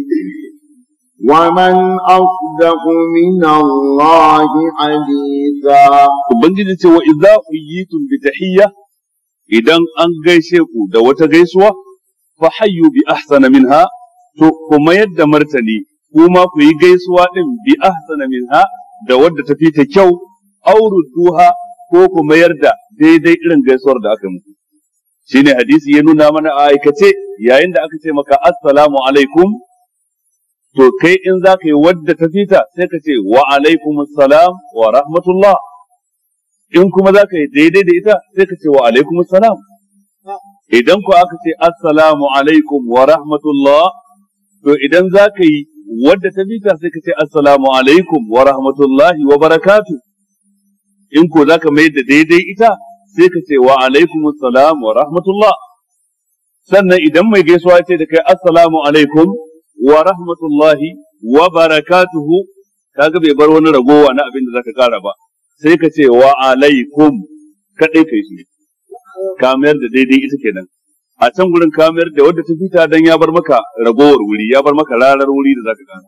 ومن أصدق من الله حديثا Ubangiji ce wa idza uyitum bi tahiyya idan an gaishe ku da wata gaisuwa fa hayyu bi ahsana minha to ku mayar da martani kuma ku yi gaisuwa ɗin bi ahsana minha da wadda ta ta kyau auru duha ko ku mayar da daidai irin gaisuwar da aka muku shine hadisi ya nuna mana a aikace yayin da aka ce maka assalamu alaikum to kai in za ka yi wadda ta fita sai ka ce wa alaikum salam wa rahmatullah in kuma za ka yi daidai da ita sai ka ce wa alaikum salam idan ku aka ce assalamu alaikum wa rahmatullah to idan za ka yi wadda ta fita sai ka ce assalamu alaikum wa rahmatullahi wa barakatu in ko za ka mai da daidai ita sai ka ce wa alaikum salam wa rahmatullah sannan idan mai gaisuwa ce da kai assalamu alaikum wa rahmatullahi wa barakatuhu kaga bai bar wani ragowa na abin da zaka kara ba sai ka ce wa alaikum kadai kai shi kamar da daidai ita kenan a can gurin kamar da wanda ta fita dan ya bar maka ragowar wuri ya bar maka rarar wuri da zaka kara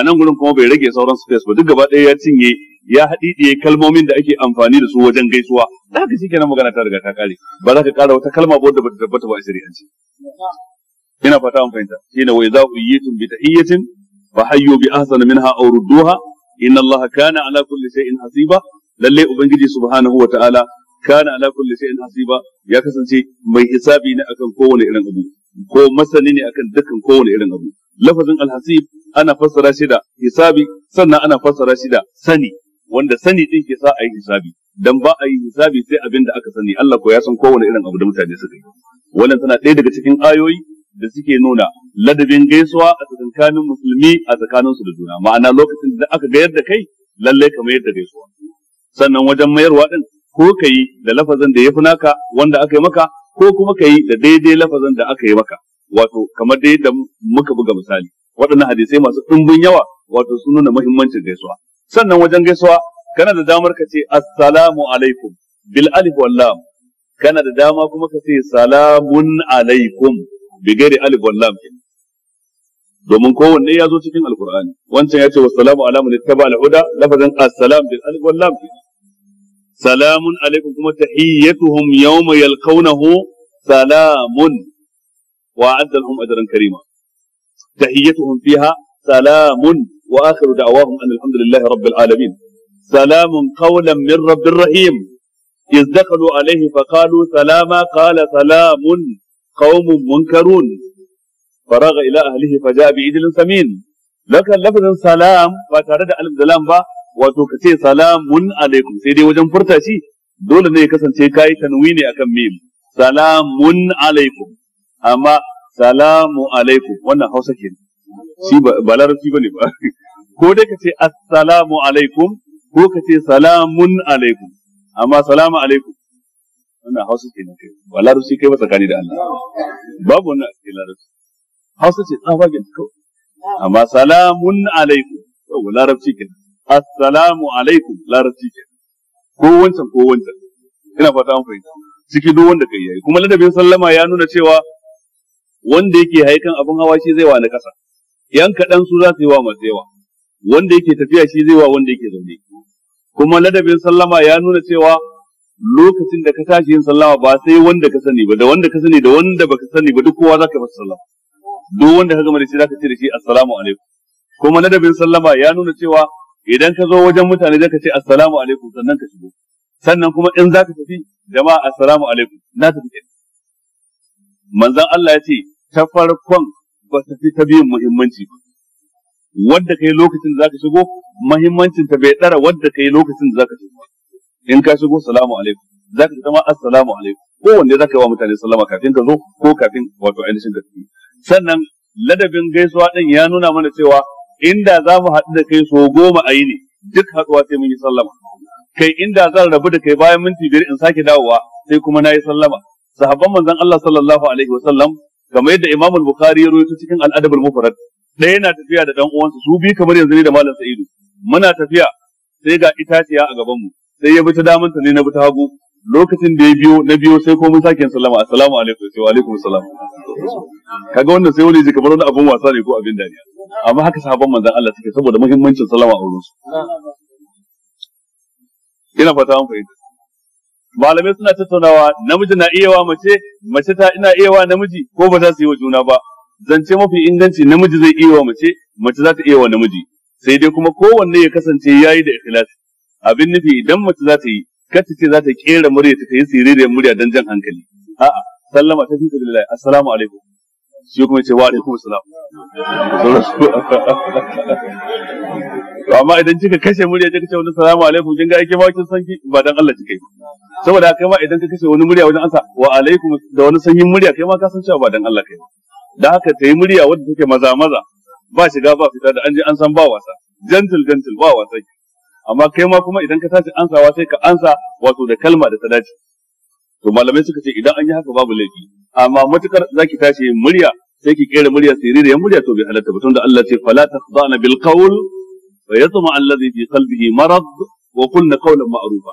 a nan gurin kuma bai rage sauran space ba duk gaba ɗaya ya cinye ya haɗiɗiye kalmomin da ake amfani da su wajen gaisuwa da haka kenan magana ta riga ta kare ba za ka kara wata kalma ba wadda ba ta tabbata ba a shari'ance ina fata an fahimta shine wa idza uyitum bi tahiyyatin fa hayyu bi ahsana minha aw rudduha inna allaha kana ala kulli shay'in hasiba lalle ubangiji subhanahu wa ta'ala kana ala kulli shay'in hasiba ya kasance mai hisabi ne akan kowane irin abu ko masani ne akan dukkan kowane irin abu lafazin alhasib ana fassara shi da hisabi sannan ana fassara shi da sani wanda sani din ke sa a yi hisabi dan ba a yi hisabi sai abin da aka sani Allah ko ya san kowane irin abu da mutane suka yi wannan tana ɗaya daga cikin ayoyi da suke nuna ladabin gaisuwa a tsakanin musulmi a tsakaninsu da juna ma'ana lokacin da aka gayar da kai lalle ka mayar da gaisuwa sannan wajen mayarwa din ko ka yi da lafazin da yafi naka wanda aka yi maka ko kuma ka da daidai lafazin da aka yi maka wato kamar dai da muka buga misali waɗannan hadisai masu ɗumbin yawa wato sun nuna muhimmancin gaisuwa sannan wajen gaisuwa kana da damar ka ce assalamu alaikum bil alif wal lam kana da dama kuma ka ce salamun alaikum bigari alif wal lam domin kowanne ya zo cikin alqur'ani wancan ya ce wassalamu ala man ittaba al huda lafazan assalam bil alif wal lam salamun alaikum kuma tahiyyatuhum yawma yalqawnahu salamun wa adda lahum ajran karima tahiyyatuhum fiha salamun wa akhiru da'wahum alhamdulillahi rabbil alamin سلام قولا من رب رحيم إذ دخلوا عليه فقالوا سلاما قال سلام qaumun munkarun faraga ila ahlihi faja'a bi idlin samin lakan lafazin salam ba tare da alif da ba wato ka ce salamun alaikum sai dai wajen furta shi dole ne ya kasance kai tanwini akan mim salamun alaikum amma salamu alaikum wannan hausa ke shi ba larabci bane ba ko dai ka ce assalamu alaikum ko ka ce salamun alaikum amma salamu alaikum wannan hausa ke nan kai ba larabci kai ba tsakani da Allah babu wannan a cikin larabci hausa ce tsabagen kawai amma salamun alaikum yau larabci ke assalamu alaikum larabci ke ko wancan ko wancan ina fata an fahimta ciki duk wanda kai yayi kuma ladabin sallama ya nuna cewa wanda yake haikan abin hawa shi zai wa na kasa yan kaɗan su za su yi wa masu yawa wanda yake tafiya shi zai wa wanda yake zaune kuma ladabin sallama ya nuna cewa lokacin da ka tashi yin sallama ba sai wanda ka sani ba da wanda ka sani da wanda baka sani ba duk kowa za ka masa sallama duk wanda ka gama da shi za ka ce da shi assalamu alaikum kuma ladabin sallama ya nuna cewa idan ka zo wajen mutane ka ce assalamu alaikum sannan ka shigo sannan kuma in za ka tafi jama'a assalamu alaikum na tafi kenan manzon Allah ya ce ta farkon ba ta fi ta biyun muhimmanci ba wadda kai lokacin da za ka shigo muhimmancin ta bai tsara wadda kai lokacin da za ka shigo in ka shigo salamu alaikum za ka zama assalamu alaikum wanda za ka yi wa mutane sallama kafin ka zo ko kafin wato ainihin da tafi sannan ladabin gaisuwa din ya nuna mana cewa inda za mu haɗu da kai so goma a yi ne duk haɗuwa sai mun yi sallama kai inda zan rabu da kai bayan minti biyar in sake dawowa sai kuma na yi sallama sahabban manzon Allah sallallahu alaihi wa sallam kamar yadda Imam Bukhari ya rawaito cikin Al-Adab al-Mufrad ɗaya yana tafiya da dan uwansa su bi kamar yanzu ne da Malam Sa'idu muna tafiya sai ga itaciya a gaban mu sai ya bi ta daman ta ne na bi ta hagu lokacin da ya biyo na biyo sai ko mun sake sallama assalamu alaikum sai wa alaikum assalam kaga wannan sai wani ji kamar wani abun wasa ne ko abin dariya amma haka sahabban manzon Allah suke saboda muhimmancin sallama a wurin su ina fata an fahimta malamai suna tattaunawa namiji na iya wa mace mace ta ina iya wa namiji ko ba za su yi wa juna ba zance mafi inganci namiji zai iya wa mace mace za ta iya wa namiji sai dai kuma kowanne ya kasance ya yi da ikhlasi abin nufi idan mace za ta yi kacce ce za ta kera murya ta yi siririyar murya don jan hankali a'a sallama ta fi lillahi assalamu alaikum shi kuma ce wa alaikum assalam amma idan kika kashe murya kika ce wani salamu alaikum kin ga ake ba kin san ba dan Allah kika saboda kai ma idan ka kashe wani murya wajen ansa wa alaikum da wani sanyin murya kai ma ka san cewa ba dan Allah kai dan haka tayi murya wadda take maza maza ba shiga ba fita da an je an san ba wasa gentle gentle ba wasa amma kai ma kuma idan ka tashi ansawa sai ka ansa wato da kalma da ta dace to malamai suka ce idan an yi haka babu laifi amma matukar zaki tashi murya sai ki kera murya siriri yan murya to bai halatta ba tunda Allah ce fala takhdana bil qawl fa yatma alladhi fi qalbihi marad wa qulna qawlan ma'rufa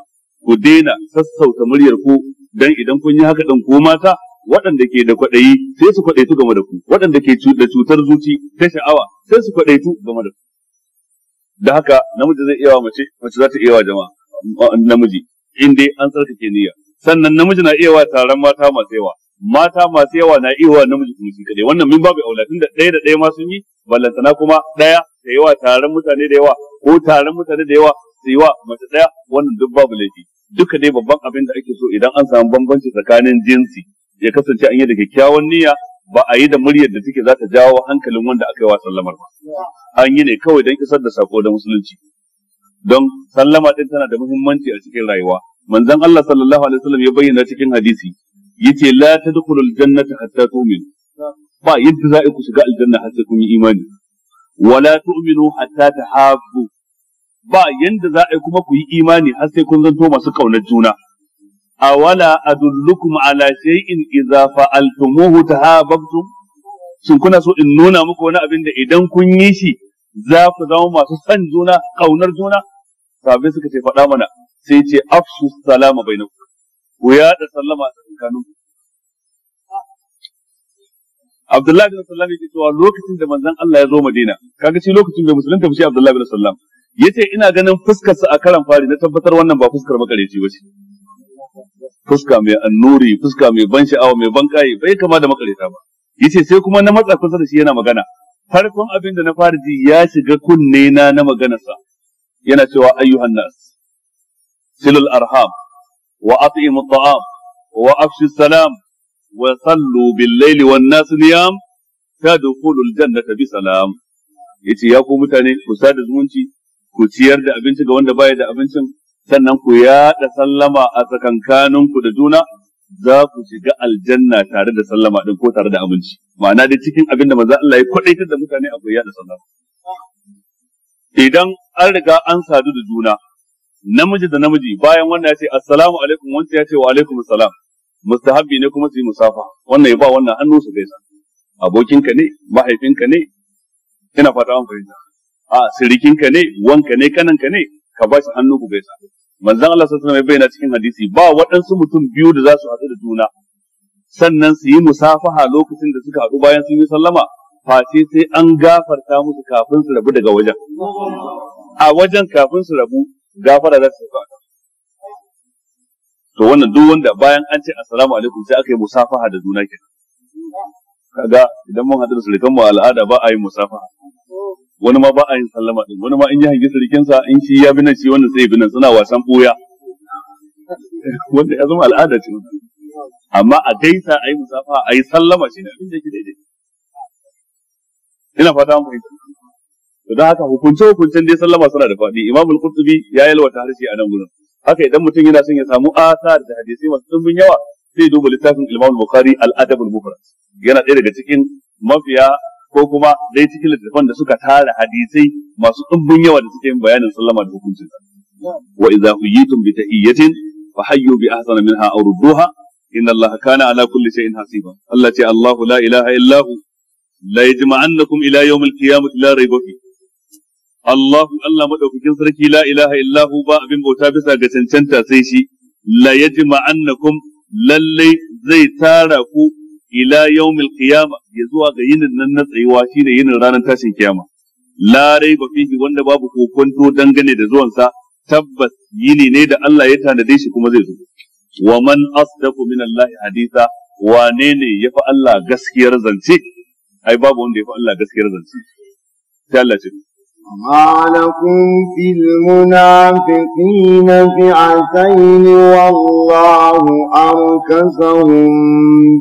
ku daina sassauta muryar ku dan idan kun yi haka din ku mata waɗanda ke da kwaɗayi sai su kwaɗaitu game da ku waɗanda ke da cutar zuci ta sha'awa sai su kwaɗaitu game da ku da haka namiji zai iya wa mace mace za ta iya wa jama'a namiji in dai an tsarkake niyya sannan namiji na iya wa taron mata masu yawa mata masu yawa na iya wa namiji kuma shi kadai wannan min babu aula tunda ɗaya da ɗaya ma sun yi ballantana kuma ɗaya da yawa taron mutane da yawa ko taron mutane da yawa su yi wa mace ɗaya wannan duk babu laifi duka dai babban abin da ake so idan an samu bambanci tsakanin jinsi ya kasance an yi da kyakkyawan niyya ba a yi da muryar da take za ta jawo hankalin wanda aka yi wa sallamar ba an yi ne kawai don isar da sako da musulunci don sallama ɗin tana da muhimmanci a cikin rayuwa manzon Allah sallallahu alaihi wasallam ya bayyana cikin hadisi yace la tadkhulu aljannata hatta tu'minu ba yadda za ku shiga aljanna har sai kun yi imani wala tu'minu hatta tahabbu ba yanda za a kuma ku yi imani har sai kun zanto masu kaunar juna awala adullukum ala shay'in idza fa'altumuhu tahabbtum shin kuna so in nuna muku wani abin da idan kun yi shi za ku zama masu san juna ƙaunar juna sabai suka ce faɗa mana sai ce afsu salama bai bainakum ku yaɗa sallama tsakaninku Abdullahi bin Sallam ya yake cewa lokacin da manzon Allah ya zo Madina kaga shi lokacin da musulunta ba shi Abdullahi bin Sallam Ya ce ina ganin fuskar sa a karan fari na tabbatar wannan ba fuskar makareci ba ce fuska mai annuri fuska mai ban sha'awa mai ban kai bai kama da makarita ba yace sai kuma na matsa kusa da shi yana magana farkon abin da na fara ji ya shiga kunne na na maganarsa yana cewa ayyuhan nas silul arham wa at'imu at'am wa afshi salam wa sallu bil layli wan nas niyam tadkhulul jannata bi salam yace ya ku mutane ku sada zumunci ku ciyar da abinci ga wanda baya da abincin sannan ku yaɗa sallama a tsakankaninku da juna za ku shiga aljanna tare da sallama din ko tare da abinci ma'ana dai cikin abin da maza Allah ya kwadaitar da mutane akwai yaɗa sallama idan an riga an sadu da juna namiji da namiji bayan wannan ya ce assalamu alaikum wancan ya ce wa alaikum assalam mustahabbi ne kuma su yi musafa wannan ya ba wannan hannu su gaisa abokinka ne mahaifinka ne ina fata an fahimta a sirikinka ne wanka ne kananka ne ka ba shi hannu ku gaisa manzon Allah sallallahu alaihi wasallam cikin hadisi ba waɗansu mutum biyu da za su haɗu da juna sannan su yi musafaha lokacin da suka haɗu bayan sun yi sallama face sai an gafarta musu kafin su rabu daga wajen a wajen kafin su rabu gafara za su yi to wannan duk wanda bayan an ce assalamu alaikum sai aka yi musafaha da juna kenan kaga idan mun haɗu da sulikan mu al'ada ba a yi musafaha wani ma ba a yin sallama din wani ma in ya hangi sarkinsa in shi ya bi nan shi wanda sai bi nan suna wasan boya wanda ya zama al'ada ce amma a gaisa a yi musafa a yi sallama shi ne abin da ke daidai ina fata mu fahimta to don haka hukunce hukuncen dai sallama suna da faɗi imam al-qurtubi ya yi yalwata harshe a nan gurin haka idan mutum yana son ya samu asar da hadisi masu dumbin yawa sai duba littafin Imam Bukhari Al-Adab al-Mufrad yana ɗaya daga cikin mafiya ko kuma dai cikin littattafan da suka tara hadisai masu ɗumbin yawa da suke yin bayanin sallama da hukuncin sa wa idza huyitum bi tahiyyatin fa hayyu bi ahsana minha aw rudduha inna allaha kana ala kulli shay'in hasiba Allah ce Allahu la ilaha illa hu la yajma'annakum ila yawm al-qiyamati la rayba fi Allahu! Allah madaukakin sarki la ilaha illa hu ba abin bauta bisa ga cancanta sai shi la yajma'annakum lallai zai tara ku ila yawmil qiyama ya zuwa ga yinin nan na tsayuwa ne yinin ranar tashin kiyama Larai ba fihi wanda babu hukunto dangane da zuwansa tabbas yini ne da Allah ya tanade shi kuma zai zo wa man asdaqu min Allah haditha wane ne yafi Allah gaskiyar zance ai babu wanda yafi Allah gaskiyar zance sai Allah ما لكم في المنافقين فئتين والله أركسهم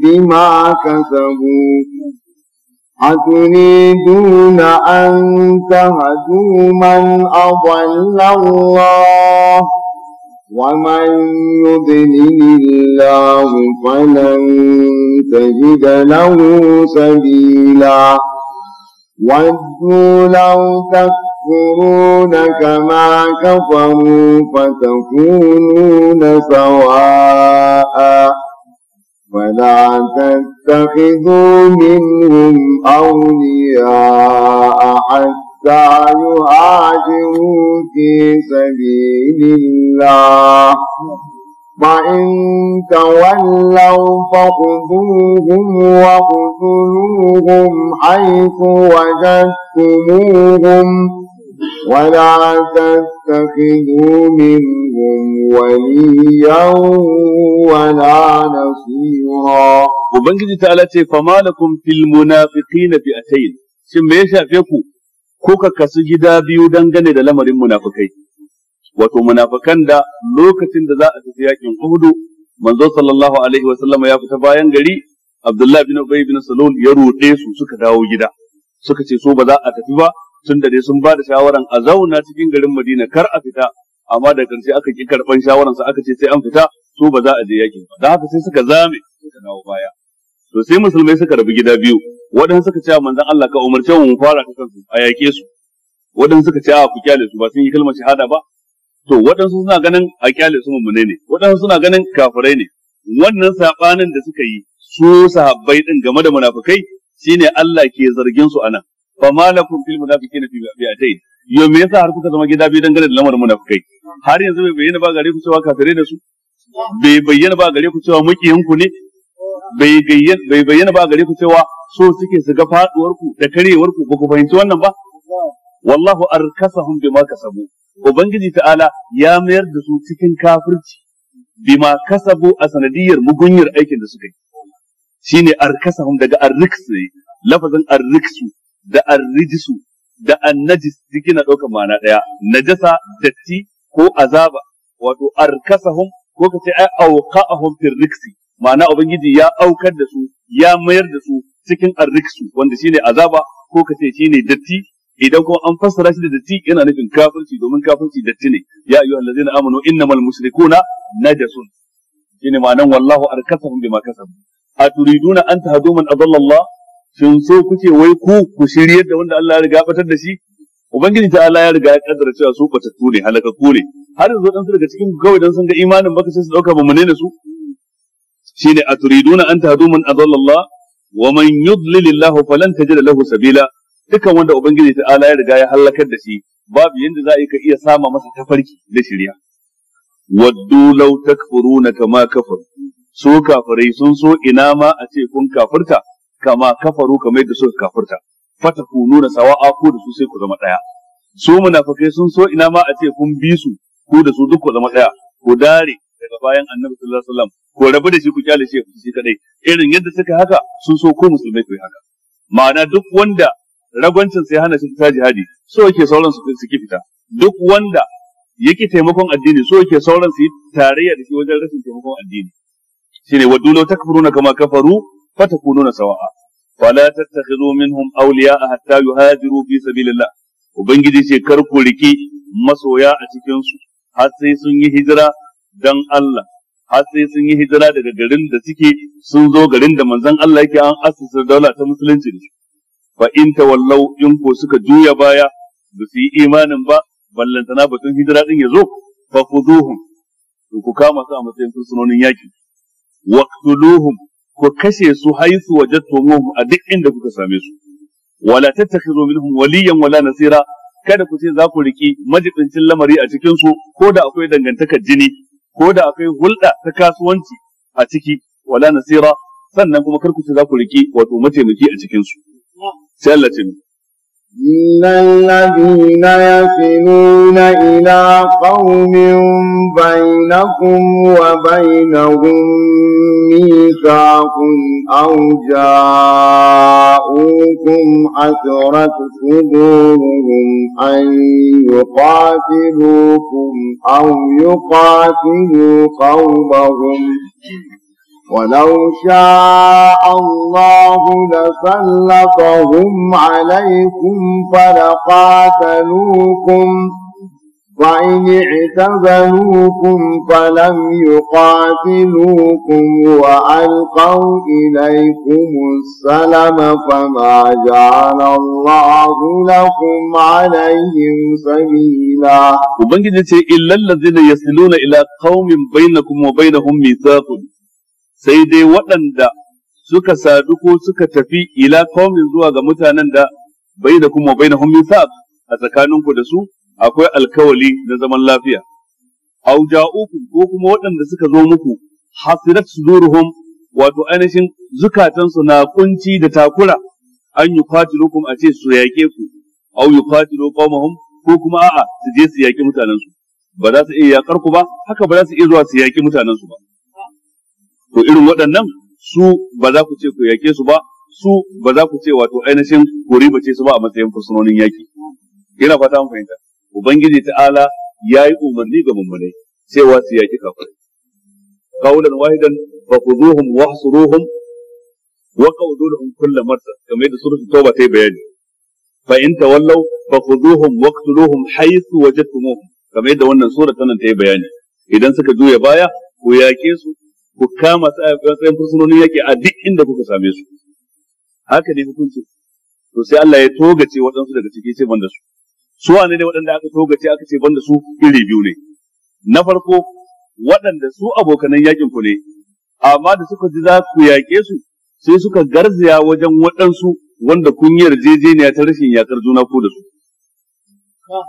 بما كسبوا أتريدون أن تهدوا من أضل الله ومن يضلل الله فلن تجد له سبيلا ودوا لو تكفرون كما كفروا فتكونون سواء فلا تتخذوا منهم أولياء حتى يهاجروا في سبيل الله وإن تولوا فخذوهم وخذلوهم حيث وجدتموهم ولا تتخذوا منهم وليا ولا نصيرا وبنجد تعالى فما لكم في المنافقين فئتين shin me ya shafe ku kuka kasu gida biyu wato munafikan da lokacin da za a tafi yakin Uhud manzo sallallahu alaihi wa sallama ya fita bayan gari Abdullah bin Ubay bin Salul ya ruɗe su suka dawo gida suka ce so ba za a tafi ba tun da dai sun ba da shawaran a zauna cikin garin Madina kar a fita amma da ƙarshe aka ki karban shawaran sa aka ce sai an fita so ba za a je yakin ba da haka sai suka zame suka dawo baya to sai musulmai suka rabu gida biyu waɗansu suka ce manzon Allah ka umarce mu fara ta kansu a yake su waɗansu suka ce a ku kyale su ba sun yi kalmar shahada ba to waɗansu suna ganin a kyale su mummune ne waɗansu suna ganin kafirai ne wannan saɓanin da suka yi su sahabbai din game da munafikai shine Allah ke zargin su anan fa malakum fil munafiqina fi bi'atayn yo me yasa har kuka zama gida bi dangane da lamarin munafikai har yanzu bai bayyana ba gare ku cewa kafirai ne su bai bayyana ba gare ku cewa makiyin ku ne bai bayyana ba gare ku cewa so suke su ga faduwar ku da karewar ku ba ku fahimci wannan ba wallahu arkasahum bima kasabu ubangiji ta'ala ya mayar da su cikin kafirci bima kasabu a sanadiyar mugunyar aikin da suka yi Shi shine arkasahum daga arriks ne lafazin arriksu da arrijisu da annajis jiki na ɗaukar mana ɗaya najasa datti ko azaba wato arkasahum ko kace ai auka a fil riksi ma'ana ubangiji ya aukar da su ya mayar da su cikin arriksu wanda shine azaba ko kace shine datti idan kuma an fassara shi da datti yana nufin kafirci domin kafirci datti ne ya ayyuha allazina amanu innamal mushrikuna najasun shine ma'anan wallahu arkasahum bima kasabu aturiduna an tahdu man adalla Allah shin so kuke wai ku ku shiryar da wanda Allah ya riga batar da shi ubangiji ta Allah ya riga ya kaddara cewa su batattu ne halakakku ne har yanzu dan su daga cikin kawai dan sun ga imanin baka sai su dauka ba mu ne su shine aturiduna an tahdu man adalla wa man yudlil Allah falan tajid lahu sabila dukan wanda ubangiji ala ya riga ya halakar da shi babu yanda za a iya sama masa tafarki da shirya waddu law takfuruna kama kafar su kafirai sun so ina ma a ce kun kafirta kama kafaru kamar yadda suka kafirta nuna sawa'a ko da su sai ku zama daya su munafikai sun so ina ma a ce kun bi su ku da su duk ku zama daya ku dare daga bayan annabi sallallahu alaihi wasallam ko rabu da shi ku kyale shi shi kadai irin yadda suka haka sun so ku musulmai ku haka ma'ana duk wanda ragwancin sai hana shi fita jihadi so yake sauran su suke fita duk wanda yake taimakon addini so yake sauran su yi tarayya da shi wajen rashin taimakon addini shine dulo takfuruna kama kafaru fatakununa sawa'a fala tattakhidhu minhum awliya hatta yuhajiru fi sabilillah ubangiji ce kar ku riki masoya a cikin su har sai sun yi hijira dan Allah har sai sun yi hijira daga garin da suke sun zo garin da manzon Allah yake an assasa daula ta musulunci da su fa in tawallau in ko suka juya baya ba su yi imanin ba ballantana batun hijira din ya zo fa khuduhum ku kama su a matsayin fursunonin yaki waqtuluhum ku kashe su haisu wajadtumuhum a duk inda kuka same su wala tattakhizu minhum waliyan wala nasira kada ku ce za ku riki majibincin lamari a cikin su ko da akwai dangantakar jini ko da akwai hulɗa ta kasuwanci a ciki wala nasira sannan kuma kar ku ce za ku riki wato mataimaki a cikin su sai Allah ce إن الذين يصلون إلى قوم بينكم وبينهم ميثاق أو جاءوكم حسرت صدورهم أن يقاتلوكم أو يقاتلوا قومهم ولو شاء الله لسلطهم عليكم فلقاتلوكم فإن اعتزلوكم فلم يقاتلوكم وألقوا إليكم السلم فما جعل الله لكم عليهم سبيلا وبنجد إلا الذين يصلون إلى قوم بينكم وبينهم ميثاق sai dai waɗanda suka sadu ko suka tafi ila qaumin zuwa ga mutanen da bai da kuma bai na sa, a tsakaninku da su akwai alkawali na zaman lafiya aw ja'ukum ko kuma waɗanda suka zo muku hasirat suduruhum wato ainihin zukatansu na kunci da takura an yi qatilukum a ce su yaƙe ku aw yuqatilu ko kuma a'a su je su yaƙi mutanensu ba za su iya yaƙar ku ba haka ba za su iya zuwa su yaƙi mutanensu ba to irin waɗannan su ba za ku ce ku yake su ba su ba za ku ce wato ainihin ba ce su ba a matsayin fursunonin yaƙi. ina fata mun fahimta ubangiji ta'ala ya yi umarni ga mummune cewa su yaƙi kafirai qawlan wahidan faquduhum wahsuruhum wa qawduhum kull marta, kamar da suratul tauba ta bayani fa in tawallaw faquduhum waqtuluhum haythu wajadtumuhum kamar da wannan sura tana ta yi bayani idan suka juya baya ku yaƙe su ku kama su a fursunonin yaƙi a duk inda kuka same su haka ne hukunci to sai Allah ya togace waɗansu daga ciki ce banda su su wane ne waɗanda aka togace aka ce banda su iri biyu ne na farko waɗanda su abokanan yakin ku ne amma da suka ji za ku yaƙe su sai suka garzaya wajen waɗansu wanda kun yi yarjejeniya ta rashin yaƙar juna ko da su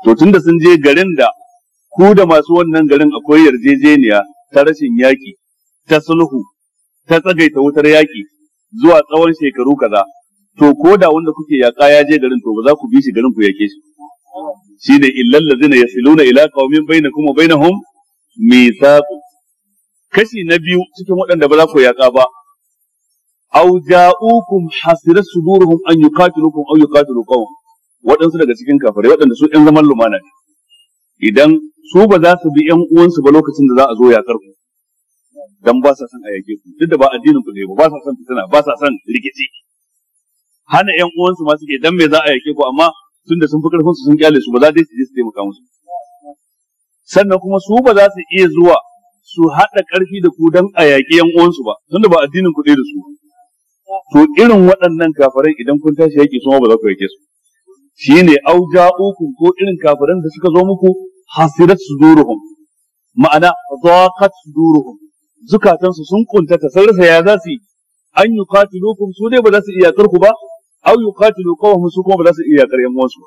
to tunda sun je garin da ku da masu wannan garin akwai yarjejeniya ta rashin yaƙi ta sulhu ta tsagaita wutar yaki zuwa tsawon shekaru kaza to ko da wanda kuke yaƙa ya je garin to ba za ku bi shi garin ku yake shi shine illal ladzina yasiluna ila qaumin bainakum wa bainahum mithaq kashi na biyu cikin waɗanda ba za ku yaƙa ba aw ja'ukum hasira suduruhum an yuqatilukum aw yuqatilu qawm waɗansu daga cikin kafirai waɗanda su ɗan zaman lumana ne idan su ba za su bi ƴan uwansu ba lokacin da za a zo yaƙar ku dan ba sa son a yake ku duk da ba addinin ku ne ba ba sa son fitina ba sa son rikici hana ƴan uwansu ma suke dan me za a yake ku amma tun da sun fi karfin su sun kyale su ba za dai su je su taimaka musu sannan kuma su ba za su iya zuwa su haɗa ƙarfi da ku dan a yaƙi ƴan uwansu ba tun da ba addinin ku ɗaya da su to irin waɗannan kafirai idan kun tashi yaƙi su ma ba za ku yake su shine auja'ukum ko irin kafiran da suka zo muku hasirat suduruhum ma'ana daqat suduruhum zukatansu sun kuntata sun rasa ya za su yi an yi katilukum su dai ba za su iya ku ba au yi katilu kawahum su kuma ba za su iya karyan yan uwansu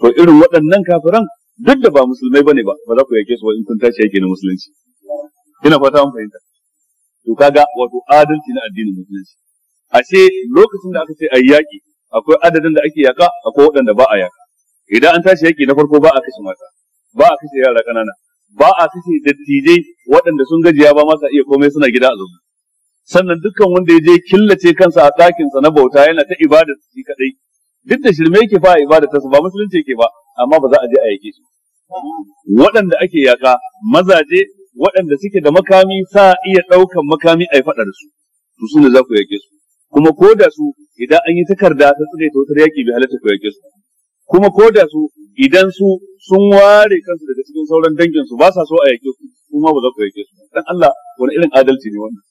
to irin waɗannan kafiran duk da ba musulmai bane ba ba za ku yake su ba in kun tashi yake na musulunci ina fata mun fahimta to kaga wato adalci na addinin musulunci ashe lokacin da aka ce ayi yaki akwai adadin da ake yaka akwai waɗanda ba a yaka idan an tashi yake na farko ba a kashe mata ba a kashe yara ƙanana ba a kashe dattijai waɗanda sun gajiya ba masa iya komai suna gida a zuwa. sannan dukkan wanda ya je killace kansa a ɗakinsa na bauta yana ta ibada shi kaɗai. duk da shirme yake fa ibada ta ba musulunci yake ba amma ba za a je a yake su. waɗanda ake yaƙa mazaje waɗanda suke da makami sa iya ɗaukan makami a yi faɗa da su su ne za ku yake su kuma ko da su idan an yi takarda ta tsire ta wutar yaƙi bai halatta ku yake su kuma ko da su idan su sun ware kansu daga cikin sauran dangin su ba sa so a yake su kuma ba za ku yake su dan Allah wani irin adalci ne wannan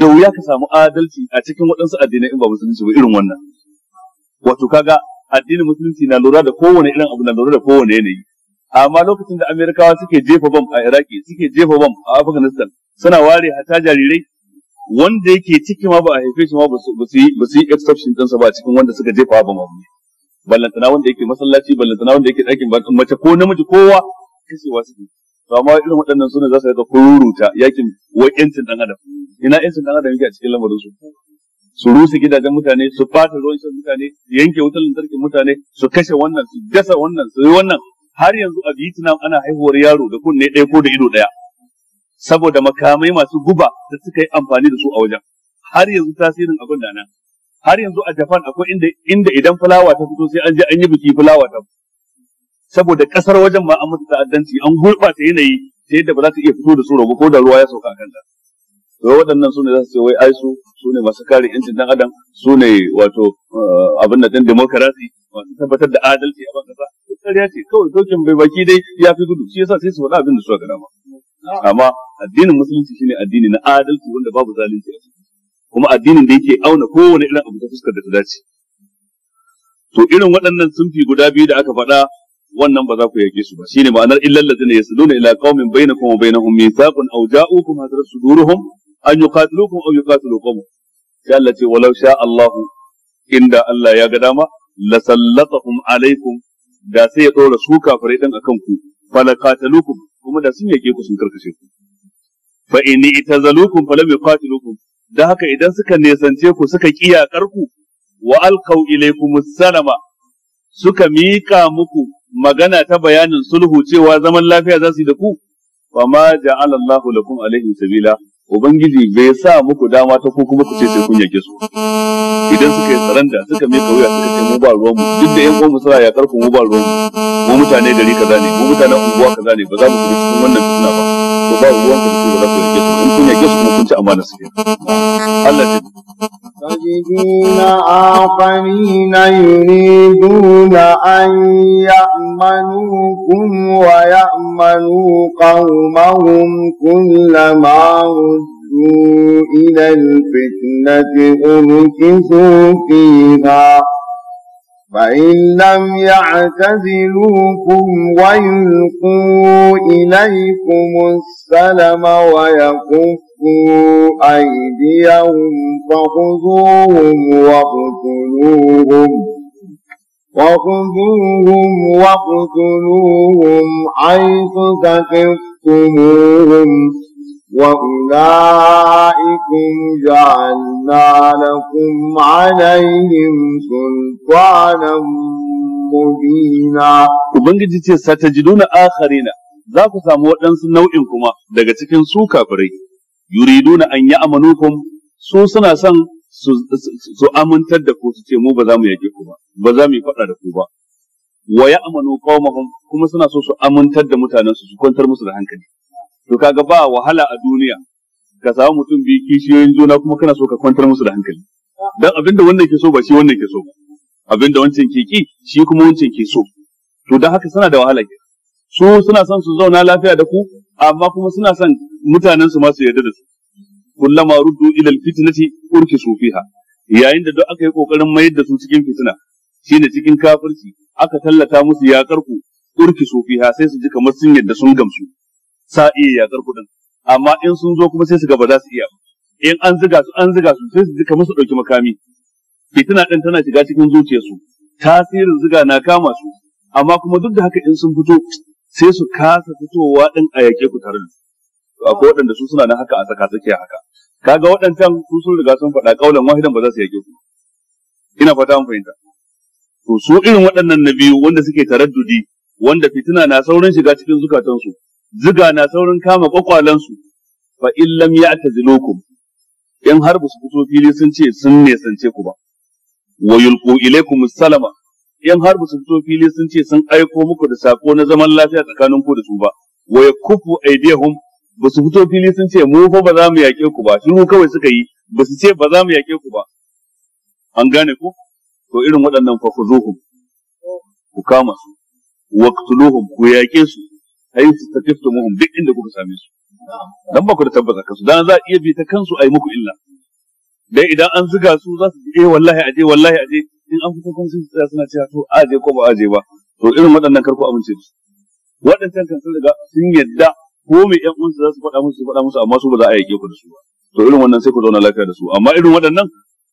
da wuya ka samu adalci a cikin waɗansu addinai in ba musulunci ba irin wannan wato kaga addinin musulunci na lura da kowane irin abu na lura da kowane yanayi amma lokacin da amerikawa suke jefa bom a iraki suke jefa bom a afghanistan suna ware hata jarirai wanda yake ciki ma ba a haife shi ma ba su yi exception ɗinsa ba cikin wanda suka jefa bam a ballantana wanda yake masallaci ballantana wanda yake ɗakin ba mace ko namiji kowa kashewa suke to amma irin waɗannan sune za su rika kururuta yakin 'yancin dan adam ina yancin dan adam yake a cikin lamarin su su rusa gidajen mutane su fata ruwan shan mutane yanke wutar lantarkin mutane su kashe wannan su gasa wannan su yi wannan har yanzu a Vietnam ana haihuwar yaro da kunne ɗaya ko da ido ɗaya saboda makamai masu guba da suka yi amfani da su a wajen har yanzu tasirin abin da nan har yanzu a Japan akwai inda inda idan fulawa ta fito sai an je an yi biki fulawa ta saboda kasar wajen ma an mutu ta'addanci an gurɓata yanayi sai yadda ba za ta iya fito da su rogo ko da ruwa ya sauka kanta to waɗannan sune za su ce wai ai su sune masu kare yancin dan adam sune wato eh, abin da din demokarasi masu tabbatar da adalci a kasa kariya ce kawai dokin bai baki dai ya fi gudu shi yasa sai su faɗa abin da suka ga dama amma addinin musulunci shine addini na adalci wanda babu zalunci a ciki kuma addinin da yake auna kowane irin abu ta fuskar da ta dace to irin waɗannan sunfi guda biyu da aka faɗa wannan ba za ku yake su ba Shi ne ma'anar illal ladina yasluna ila qaumin bainakum wa bainahum mithaqun aw ja'ukum hadra suduruhum an yuqatilukum aw yuqatilu qawm sai Allah ce walau sha Allah inda Allah ya ga dama la sallatahum alaikum da sai ya dora su kafirai din akan ku falakatalukum kuma da sun yake ku sun karkashe ku fa in itazalukum falam yuqatilukum da haka idan suka nesance ku suka kiyakar ku wa alkau ilaikum salama suka miƙa muku magana ta bayanin sulhu cewa zaman lafiya za su yi da ku fa ma ja'ala Allahu lakum alaihi sabila ubangiji bai sa muku dama ta ku kuma ku ce sai kun yake su idan suka yi saranda suka miƙa wuya suka ce mu ba ruwan mu duk da yan mu suna ya ku mu ba ruwan mu mu mutane gari kaza ne mu mutanen unguwa kaza ne ba za mu kuma cikin wannan fitina ba to ba ruwan da ku da ku yake su in kun yake su kuma kun ci amana su ne Allah ta تجدين آخرين يريدون أن يأمنوكم ويأمنوا قومهم كلما ردوا إلى الفتنة أركسوا فيها فإن لم يعتزلوكم ويلقوا إليكم السلم ويكفوا أيديهم فخذوهم واقتلوهم وخذوهم واقتلوهم حيث تقفتموهم وأولئكم جعلنا لكم عليهم سلطانا مبينا Ubangiji ce satajiduna akharina za ku samu waɗansu nau'in kuma daga cikin su kafirai yuriduna an su suna son su amintar da ku su ce mu ba za mu ku ba ba za mu yi faɗa da ku ba wa ya amanu kuma suna so su amintar da mutanen su kwantar musu da hankali to kaga ba wahala a duniya ka samu mutum biyu kishiyoyin juna kuma kana so ka kwantar musu da hankali dan abinda wannan ke so ba shi wannan ke so abinda wancan ke ki shi kuma wancan ke so to dan haka suna da wahala ke su suna son su zauna lafiya da ku amma kuma suna son mutanen su ma su yarda da su kullama ruddu ila alfitnati su fiha yayin da duk aka yi kokarin mayar da su cikin fitina shine cikin kafirci aka tallata musu yakar ku su fiha sai su ji kamar sun yarda sun gamsu sa iya yakar kuɗin amma in sun zo kuma sai su gaba za su iya in an ziga su an ziga su sai su duka musu ɗauki makami fitina ɗin tana shiga cikin zuciyarsu tasirin ziga na kama su amma kuma duk da haka in sun fito sai su kasa fitowa ɗin a yaƙe ku tare da akwai waɗanda su suna nan haka a tsaka tsakiya haka kaga waɗancan su sun riga sun faɗa ƙaunar wahidan ba za su yaƙe ku ina fata an fahimta to su irin waɗannan na biyu wanda suke taraddudi wanda fitina na saurin shiga cikin zukatansu ziga na saurin kama kwakwalansu fa in lam ya'tazilukum in har ba su fito fili sun ce sun nesance ku ba wa yulqu ilaykum salama in har ba su fito fili sun ce sun aiko muku da sako na zaman lafiya tsakanin ku da su ba wa yakufu aydihum ba su fito fili sun ce mu fa ba za mu yaƙe ku ba shi mu kawai suka yi ba su ce ba za mu yaƙe ku ba an gane ku to irin waɗannan fa ku kama su waqtuluhum ku yaƙe su ai su tafifta muhum duk inda kuka same su dan ba ku da tabbata kansu dan za a iya bi ta kansu ai muku illa dai idan an ziga su za su je eh, wallahi aje wallahi aje in an fito kansu sun tsaya suna cewa to aje ko ba aje ba to irin waɗannan karku amince su waɗancan kan sun riga sun yadda ko mai ƴan uwansu za su faɗa musu su faɗa musu amma su ba za a yake ku da su ba to irin wannan sai ku zauna lafiya da su amma irin waɗannan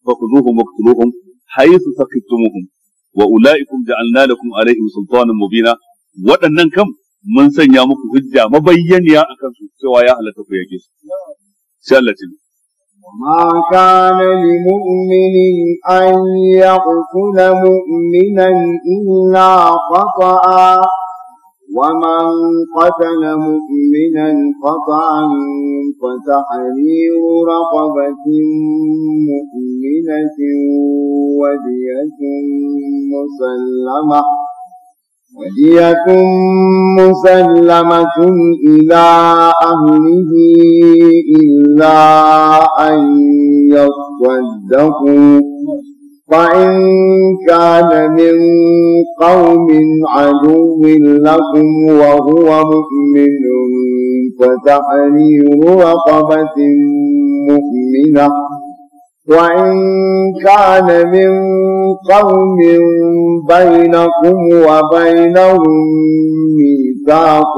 fa ku zuhum wa kutuluhum haythu sakittumuhum wa ulaikum ja'alna lakum alaihim sultanan mubina waɗannan kam mun sanya muku hujja mabayyaniya a kansu cewa ya halatta ku yake su. Sai Allah ce. ما كان لمؤمن أن يقتل مؤمنا إلا خطأ ومن قتل مؤمنا خطأ فتحرير رقبة مؤمنة ودية مسلمة ودية مسلمة إلى أهله إلا أن يصدقوا فإن كان من قوم عدو لكم وهو مؤمن فتحرير رقبة مؤمنة وإن كان من قوم بينكم وبينهم ميثاق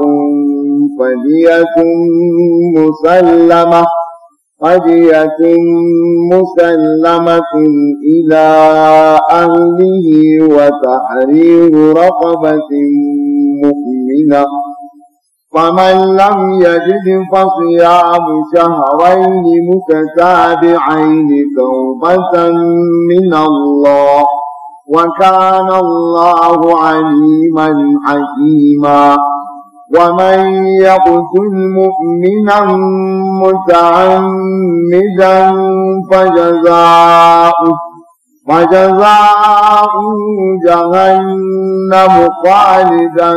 فدية مسلمة فدية مسلمة إلى أهله وتحرير رقبة مؤمنة فمن لم يجد فصيام شهرين متتابعين توبة من الله وكان الله عليما حكيما ومن يقتل مؤمنا متعمدا فجزاؤه وجزاؤه جهنم خالدا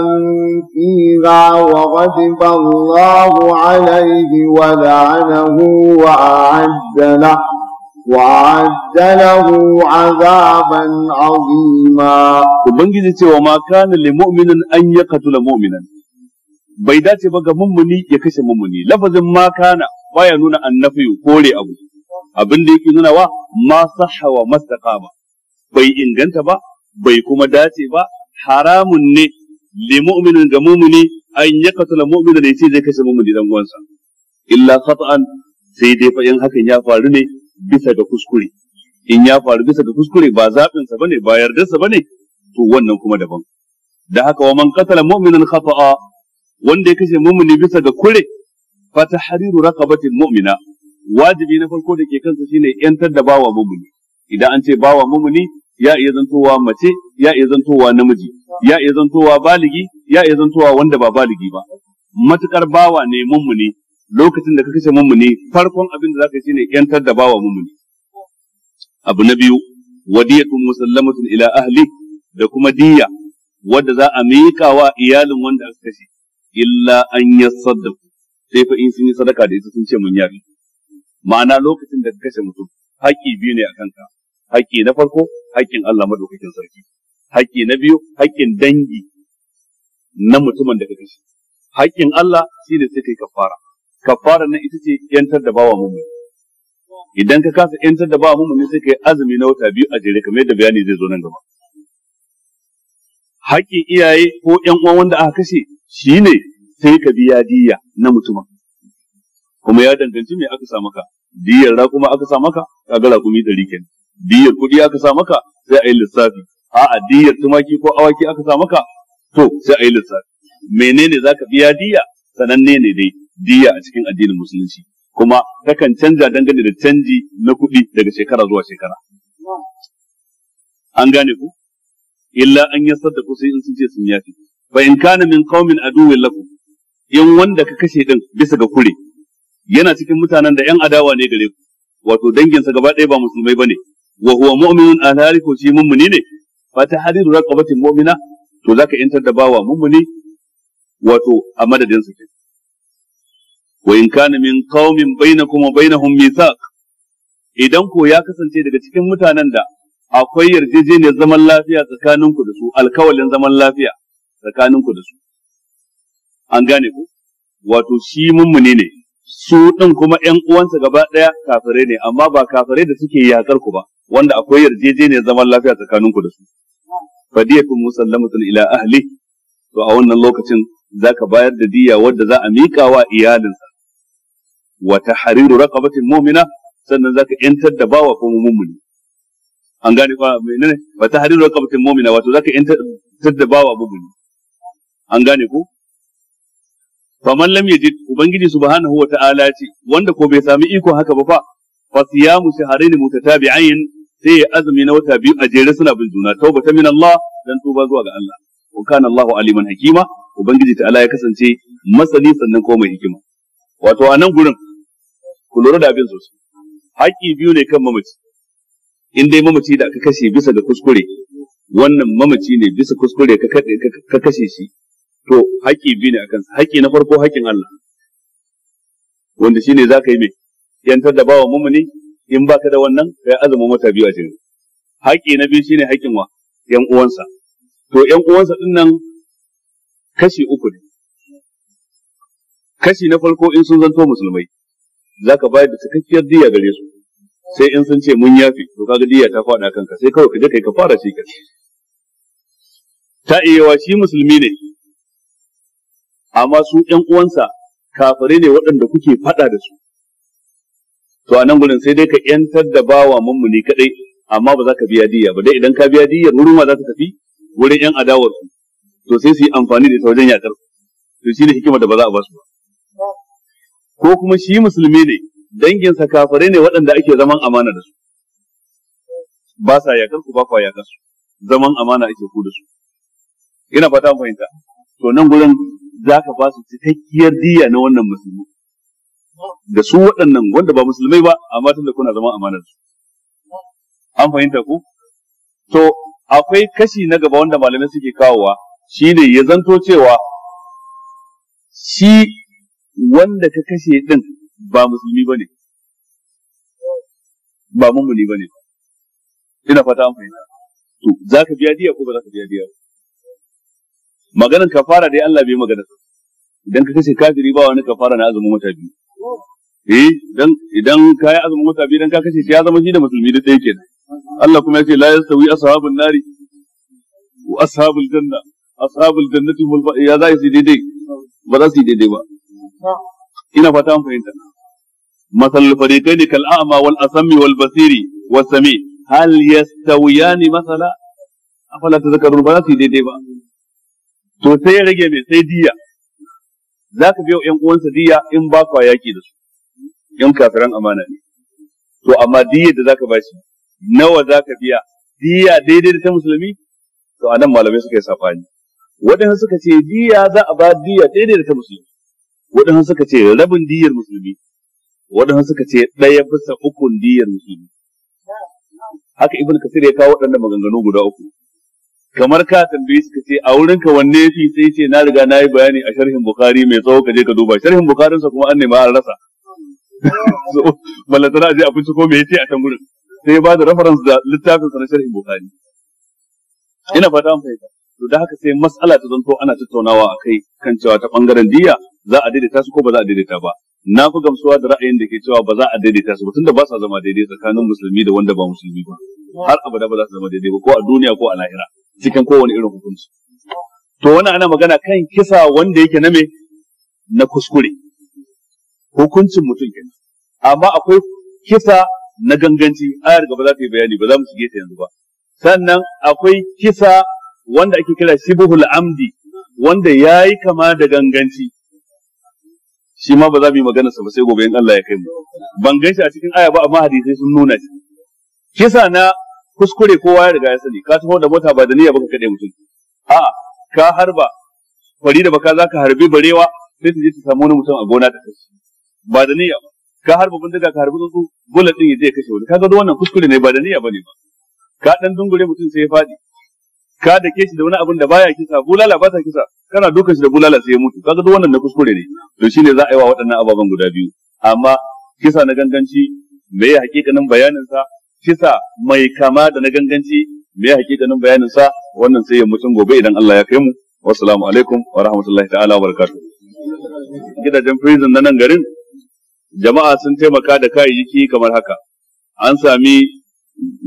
فيها وغضب الله عليه ولعنه وأعد له وأعد له عذابا عظيما وبنجي وما كان لمؤمن أن يقتل مؤمنا بيداتي بقى ba يكسر mummuni لفظ ما كان lafazin ma kana baya nuna annafi abin da yake nuna wa ma sahha wa mastaqama bai inganta ba bai kuma dace ba haramun ne li mu'minin ga mu'mini an yaqtula mu'mina da yace zai kashe mu'mini dan uwansa illa khata'an sai dai fa in hakan ya faru ne bisa ga kuskure in ya faru bisa ga kuskure ba zaɓin sa bane ba yardar sa bane to wannan kuma daban da haka wa man qatala mu'minan khata'a wanda ya kashe mu'mini bisa ga kure fa tahriru raqabatin mu'mina wajibi na farko da ke kansa shine yantar da bawa mumuni idan an ce bawa mumuni ya iya zantowa mace ya iya zantowa namiji ya iya zantowa baligi ya iya zantowa wanda ba baligi ba matukar bawa ne mumuni lokacin da ka kashe mummuni farkon abin da za ka yi shine yantar da bawa mummuni abu na biyu wadiyatun musallamatun ila ahli da kuma diyya wadda za a mika wa iyalin wanda aka kashe illa an yasaddaq sai fa in sun yi sadaka da ita sun ce mun yafi ma'ana lokacin da ka kashe mutum haƙƙi biyu ne a kanka haƙƙi na farko haƙƙin Allah madaukakin sarki haƙƙi na biyu haƙƙin dangi na mutumin da ka kashe haƙƙin Allah shine sai kai kafara kafara na ita ce yantar da bawa mumin idan ka kasa yantar da bawa mumin sai kai azumi na wata biyu a jere kamar yadda bayani zai zo nan gaba haƙƙin iyaye ko ƴan uwa wanda aka kashe shine sai ka biya diya na mutumin kuma ya danganci me aka samu ka. diyar kuma aka sa maka Ka kaga raƙumi dari kenan diyar kuɗi aka sa maka sai a yi lissafi a'a diyar tumaki ko awaki aka sa maka to sai a yi lissafi menene za ka biya diya sananne ne dai diya a cikin addinin musulunci kuma takan canja dangane da canji na kuɗi daga shekara zuwa shekara an gane ku illa an yi da ku sai in sun ce sun yafi fa in kana min qaumin aduwwin lakum in wanda ka kashe din bisa ga kure yana cikin mutanen da yan adawa ne gare ku wato danginsa gaba ɗaya ba musulmai bane wa huwa mu'minun alhari ko shi mummuni ne fa ta hadiru raqabatin mu'mina to zaka yantar da bawa mummuni wato a madadin ke. wa in kana min qaumin bainakum wa bainahum mithaq idan ko ya kasance daga cikin mutanen da akwai yarjejeniyar zaman lafiya tsakaninku da su alkawalin zaman lafiya tsakaninku da su an gane ku wato shi mummuni ne su ɗin kuma ƴan uwansa gaba ɗaya kafirai ne amma ba kafirai da suke yakar ku ba wanda akwai yarjejeniyar zaman lafiya tsakanin ku da su fadiyatun musallamatun ila ahli to a wannan lokacin za ka bayar da diya wadda za a miƙa wa iyalinsa Wata hariru raqabatin mu'mina sannan za ka yantar da bawa ko mu'mini an gane menene wa tahriru raqabatin mu'mina wato yantar da bawa an gane ku? faman lam yajid ubangiji subhanahu wa ta'ala ce wanda ko bai sami iko haka ba fa fa siyamu shahrayn mutatabi'ain sai ya azumi na wata biyu a jere suna bin juna ta min Allah dan tuba zuwa ga Allah wa kana Allahu aliman hakima ubangiji ta'ala ya kasance masani sannan ko mai hikima wato a nan gurin ku lura da abin sosai haƙƙi biyu ne kan mamaci in dai mamaci da aka kashe bisa ga kuskure wannan mamaci ne bisa kuskure ka kashe shi to haƙƙi biyu ne a kansa haƙƙi na farko haƙƙin Allah wanda shine za ka yi mai yantar da bawa mumuni in ba ka da wannan kai azumin wata biyu a cikin haƙƙi na biyu shine haƙƙin wa yan uwansa to yan uwansa din nan kashi uku ne kashi na farko in sun zanto musulmai Za ka bayar da cikakkiyar diya gare su sai in sun ce mun yafi to kaga diya ta faɗa kanka sai kawai ka je kai ka fara shi ka ta iya shi musulmi ne amma su ƴan uwansa kafare ne waɗanda kuke faɗa da su to a nan gurin sai dai ka yantar da bawa mummuni kadai amma ba za ka biya diya ba dai idan ka biya diyya, wurin ma za ka tafi wurin yan adawar su to sai su yi amfani da ita wajen yakar to shi ne hikimar da ba za a ba su ba ko kuma shi musulmi ne danginsa kafare ne waɗanda ake zaman amana da su ba sa yakar ku ba kwa yakar su zaman amana ake ku da su ina fata fahimta to nan gurin za ka ba su cikakkiyar diya na wannan musulmi da su waɗannan wanda ba musulmai ba amma da kuna zama amanar su an fahimta ku to akwai kashi na gaba wanda malamai suke kawowa shine ya zanto cewa shi wanda ka kashe din ba musulmi ba ne, ba mummuni ne. ina fata an fahimta to za ka biya diya ko ba za ka biya diya ba Maganar kafara dai Allah bai magana idan ka kace kafiri ba wani kafara na azumin wata biyu eh idan idan ka yi azumin wata biyu dan ka kace shi ya zama shi da musulmi da ɗaya kenan Allah kuma ya ce la yastawi ashabun nari wa ashabul janna ashabul jannati hum ya za su daidai ba za su yi daidai ba ina fata an fahimta masal fariqaini kal a'ma wal asami wal basiri was sami hal yastawiyani masala afala tadhakkarun ba za su yi daidai ba to sai ya rage mai sai diya za ka biya yan uwansa diya in ba kwa yaki da su yan kafiran amana ne to amma diya da za ka bashi nawa za ka biya diya daidai da ta musulmi to a nan malamai suka yi safani waɗansu suka ce diya za a ba diya daidai da ta musulmi waɗansu suka ce rabin diyar musulmi waɗansu suka ce ɗaya bisa ukun diyar musulmi haka ibn kasir ya kawo waɗannan maganganu guda uku kamar ka tambayi suka ce a wurin ka wanne yafi sai ce na riga na yi bayani a sharhin bukhari mai tsawo ka je ka duba sharhin bukharin sa kuma an nema an rasa [LAUGHS] ballatana a je a ko me yace a can gurin sai ya bada reference da littafin sa na sharhin bukhari ina fata an fahimta to da haka sai mas'ala ta zanto ana tattaunawa a kai kan cewa ta bangaren diya za a daidaita su ko ba za a daidaita ba na fi gamsuwa da ra'ayin da ke cewa ba za a daidaita su ba tunda ba sa zama daidai tsakanin musulmi da wanda ba musulmi ba har abada ba za su zama daidai ba ko a duniya ko a lahira cikin kowane irin hukunci to wani ana magana kan kisa wanda yake na me na kuskure hukuncin mutum kenan amma akwai kisa na ganganci ayar gaba za ta yi bayani ba za mu shige ta yanzu ba sannan akwai kisa wanda ake kira shibuhul amdi wanda ya yi kama da ganganci shi ma ba za mu yi magana sa ba sai gobe in Allah ya kai mu ban gaishe a cikin aya ba amma hadisai sun nuna shi kisa na kuskure kowa ya riga ya sani ka taho da mota ba da niyya ba ka kade mutum a ka harba fari da baka zaka harbi barewa sai ta je ta samu wani mutum a gona ta kashe ba da niyya ka harba bindiga ka harbi tsuntsu bullet din ya je kashe wani kaga wannan kuskure ne ba da niyya bane ba ka dan dungure mutum sai ya fadi ka da shi da wani abin da baya kisa bulala ba ta kisa kana dukan shi da bulala sai ya mutu kaga duk wannan na kuskure ne to shine za a yi wa waɗannan ababen guda biyu amma kisa na ganganci me ya hakikanin bayanin sa kisa mai kama da na ganganci me hakikanin bayanin sa wannan sai yammacin gobe idan Allah ya kai mu wassalamu alaikum wa rahmatullahi ta'ala wa barakatuh gidajen prison na nan garin jama'a sun taimaka da kayayyaki kamar haka an sami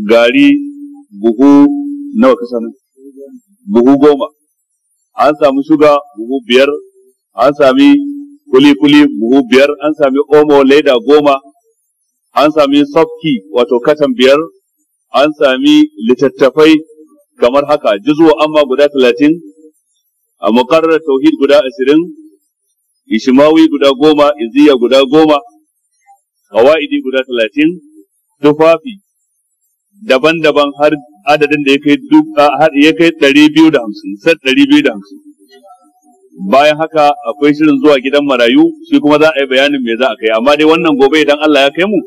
gari buhu nawa kasa buhu goma an sami shuga buhu biyar an sami kuli-kuli buhu biyar an sami omo leda goma an sami sofki wato katan biyar an sami littattafai kamar haka juzuwa amma guda talatin a muƙarrar tauhid guda ashirin ishimawi guda goma iziya guda goma kawa'idi guda talatin tufafi daban-daban har adadin da ya kai ɗari biyu da hamsin set ɗari biyu da hamsin bayan haka akwai shirin zuwa gidan marayu shi kuma za a yi bayanin me za a kai amma dai wannan gobe idan Allah ya kai mu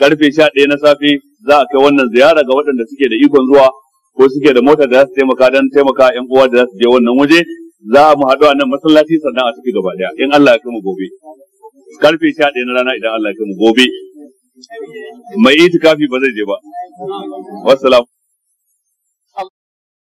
karfe sha ɗaya na safe za a kai wannan ziyara ga waɗanda suke da ikon zuwa ko suke da mota da za su taimaka don taimaka yan uwa da za su je wannan waje za mu haɗu a nan masallaci sannan a tafi gaba ɗaya in Allah ya kai mu gobe karfe sha ɗaya na rana idan Allah ya kai mu gobe mai itikafi ba zai je ba wassalam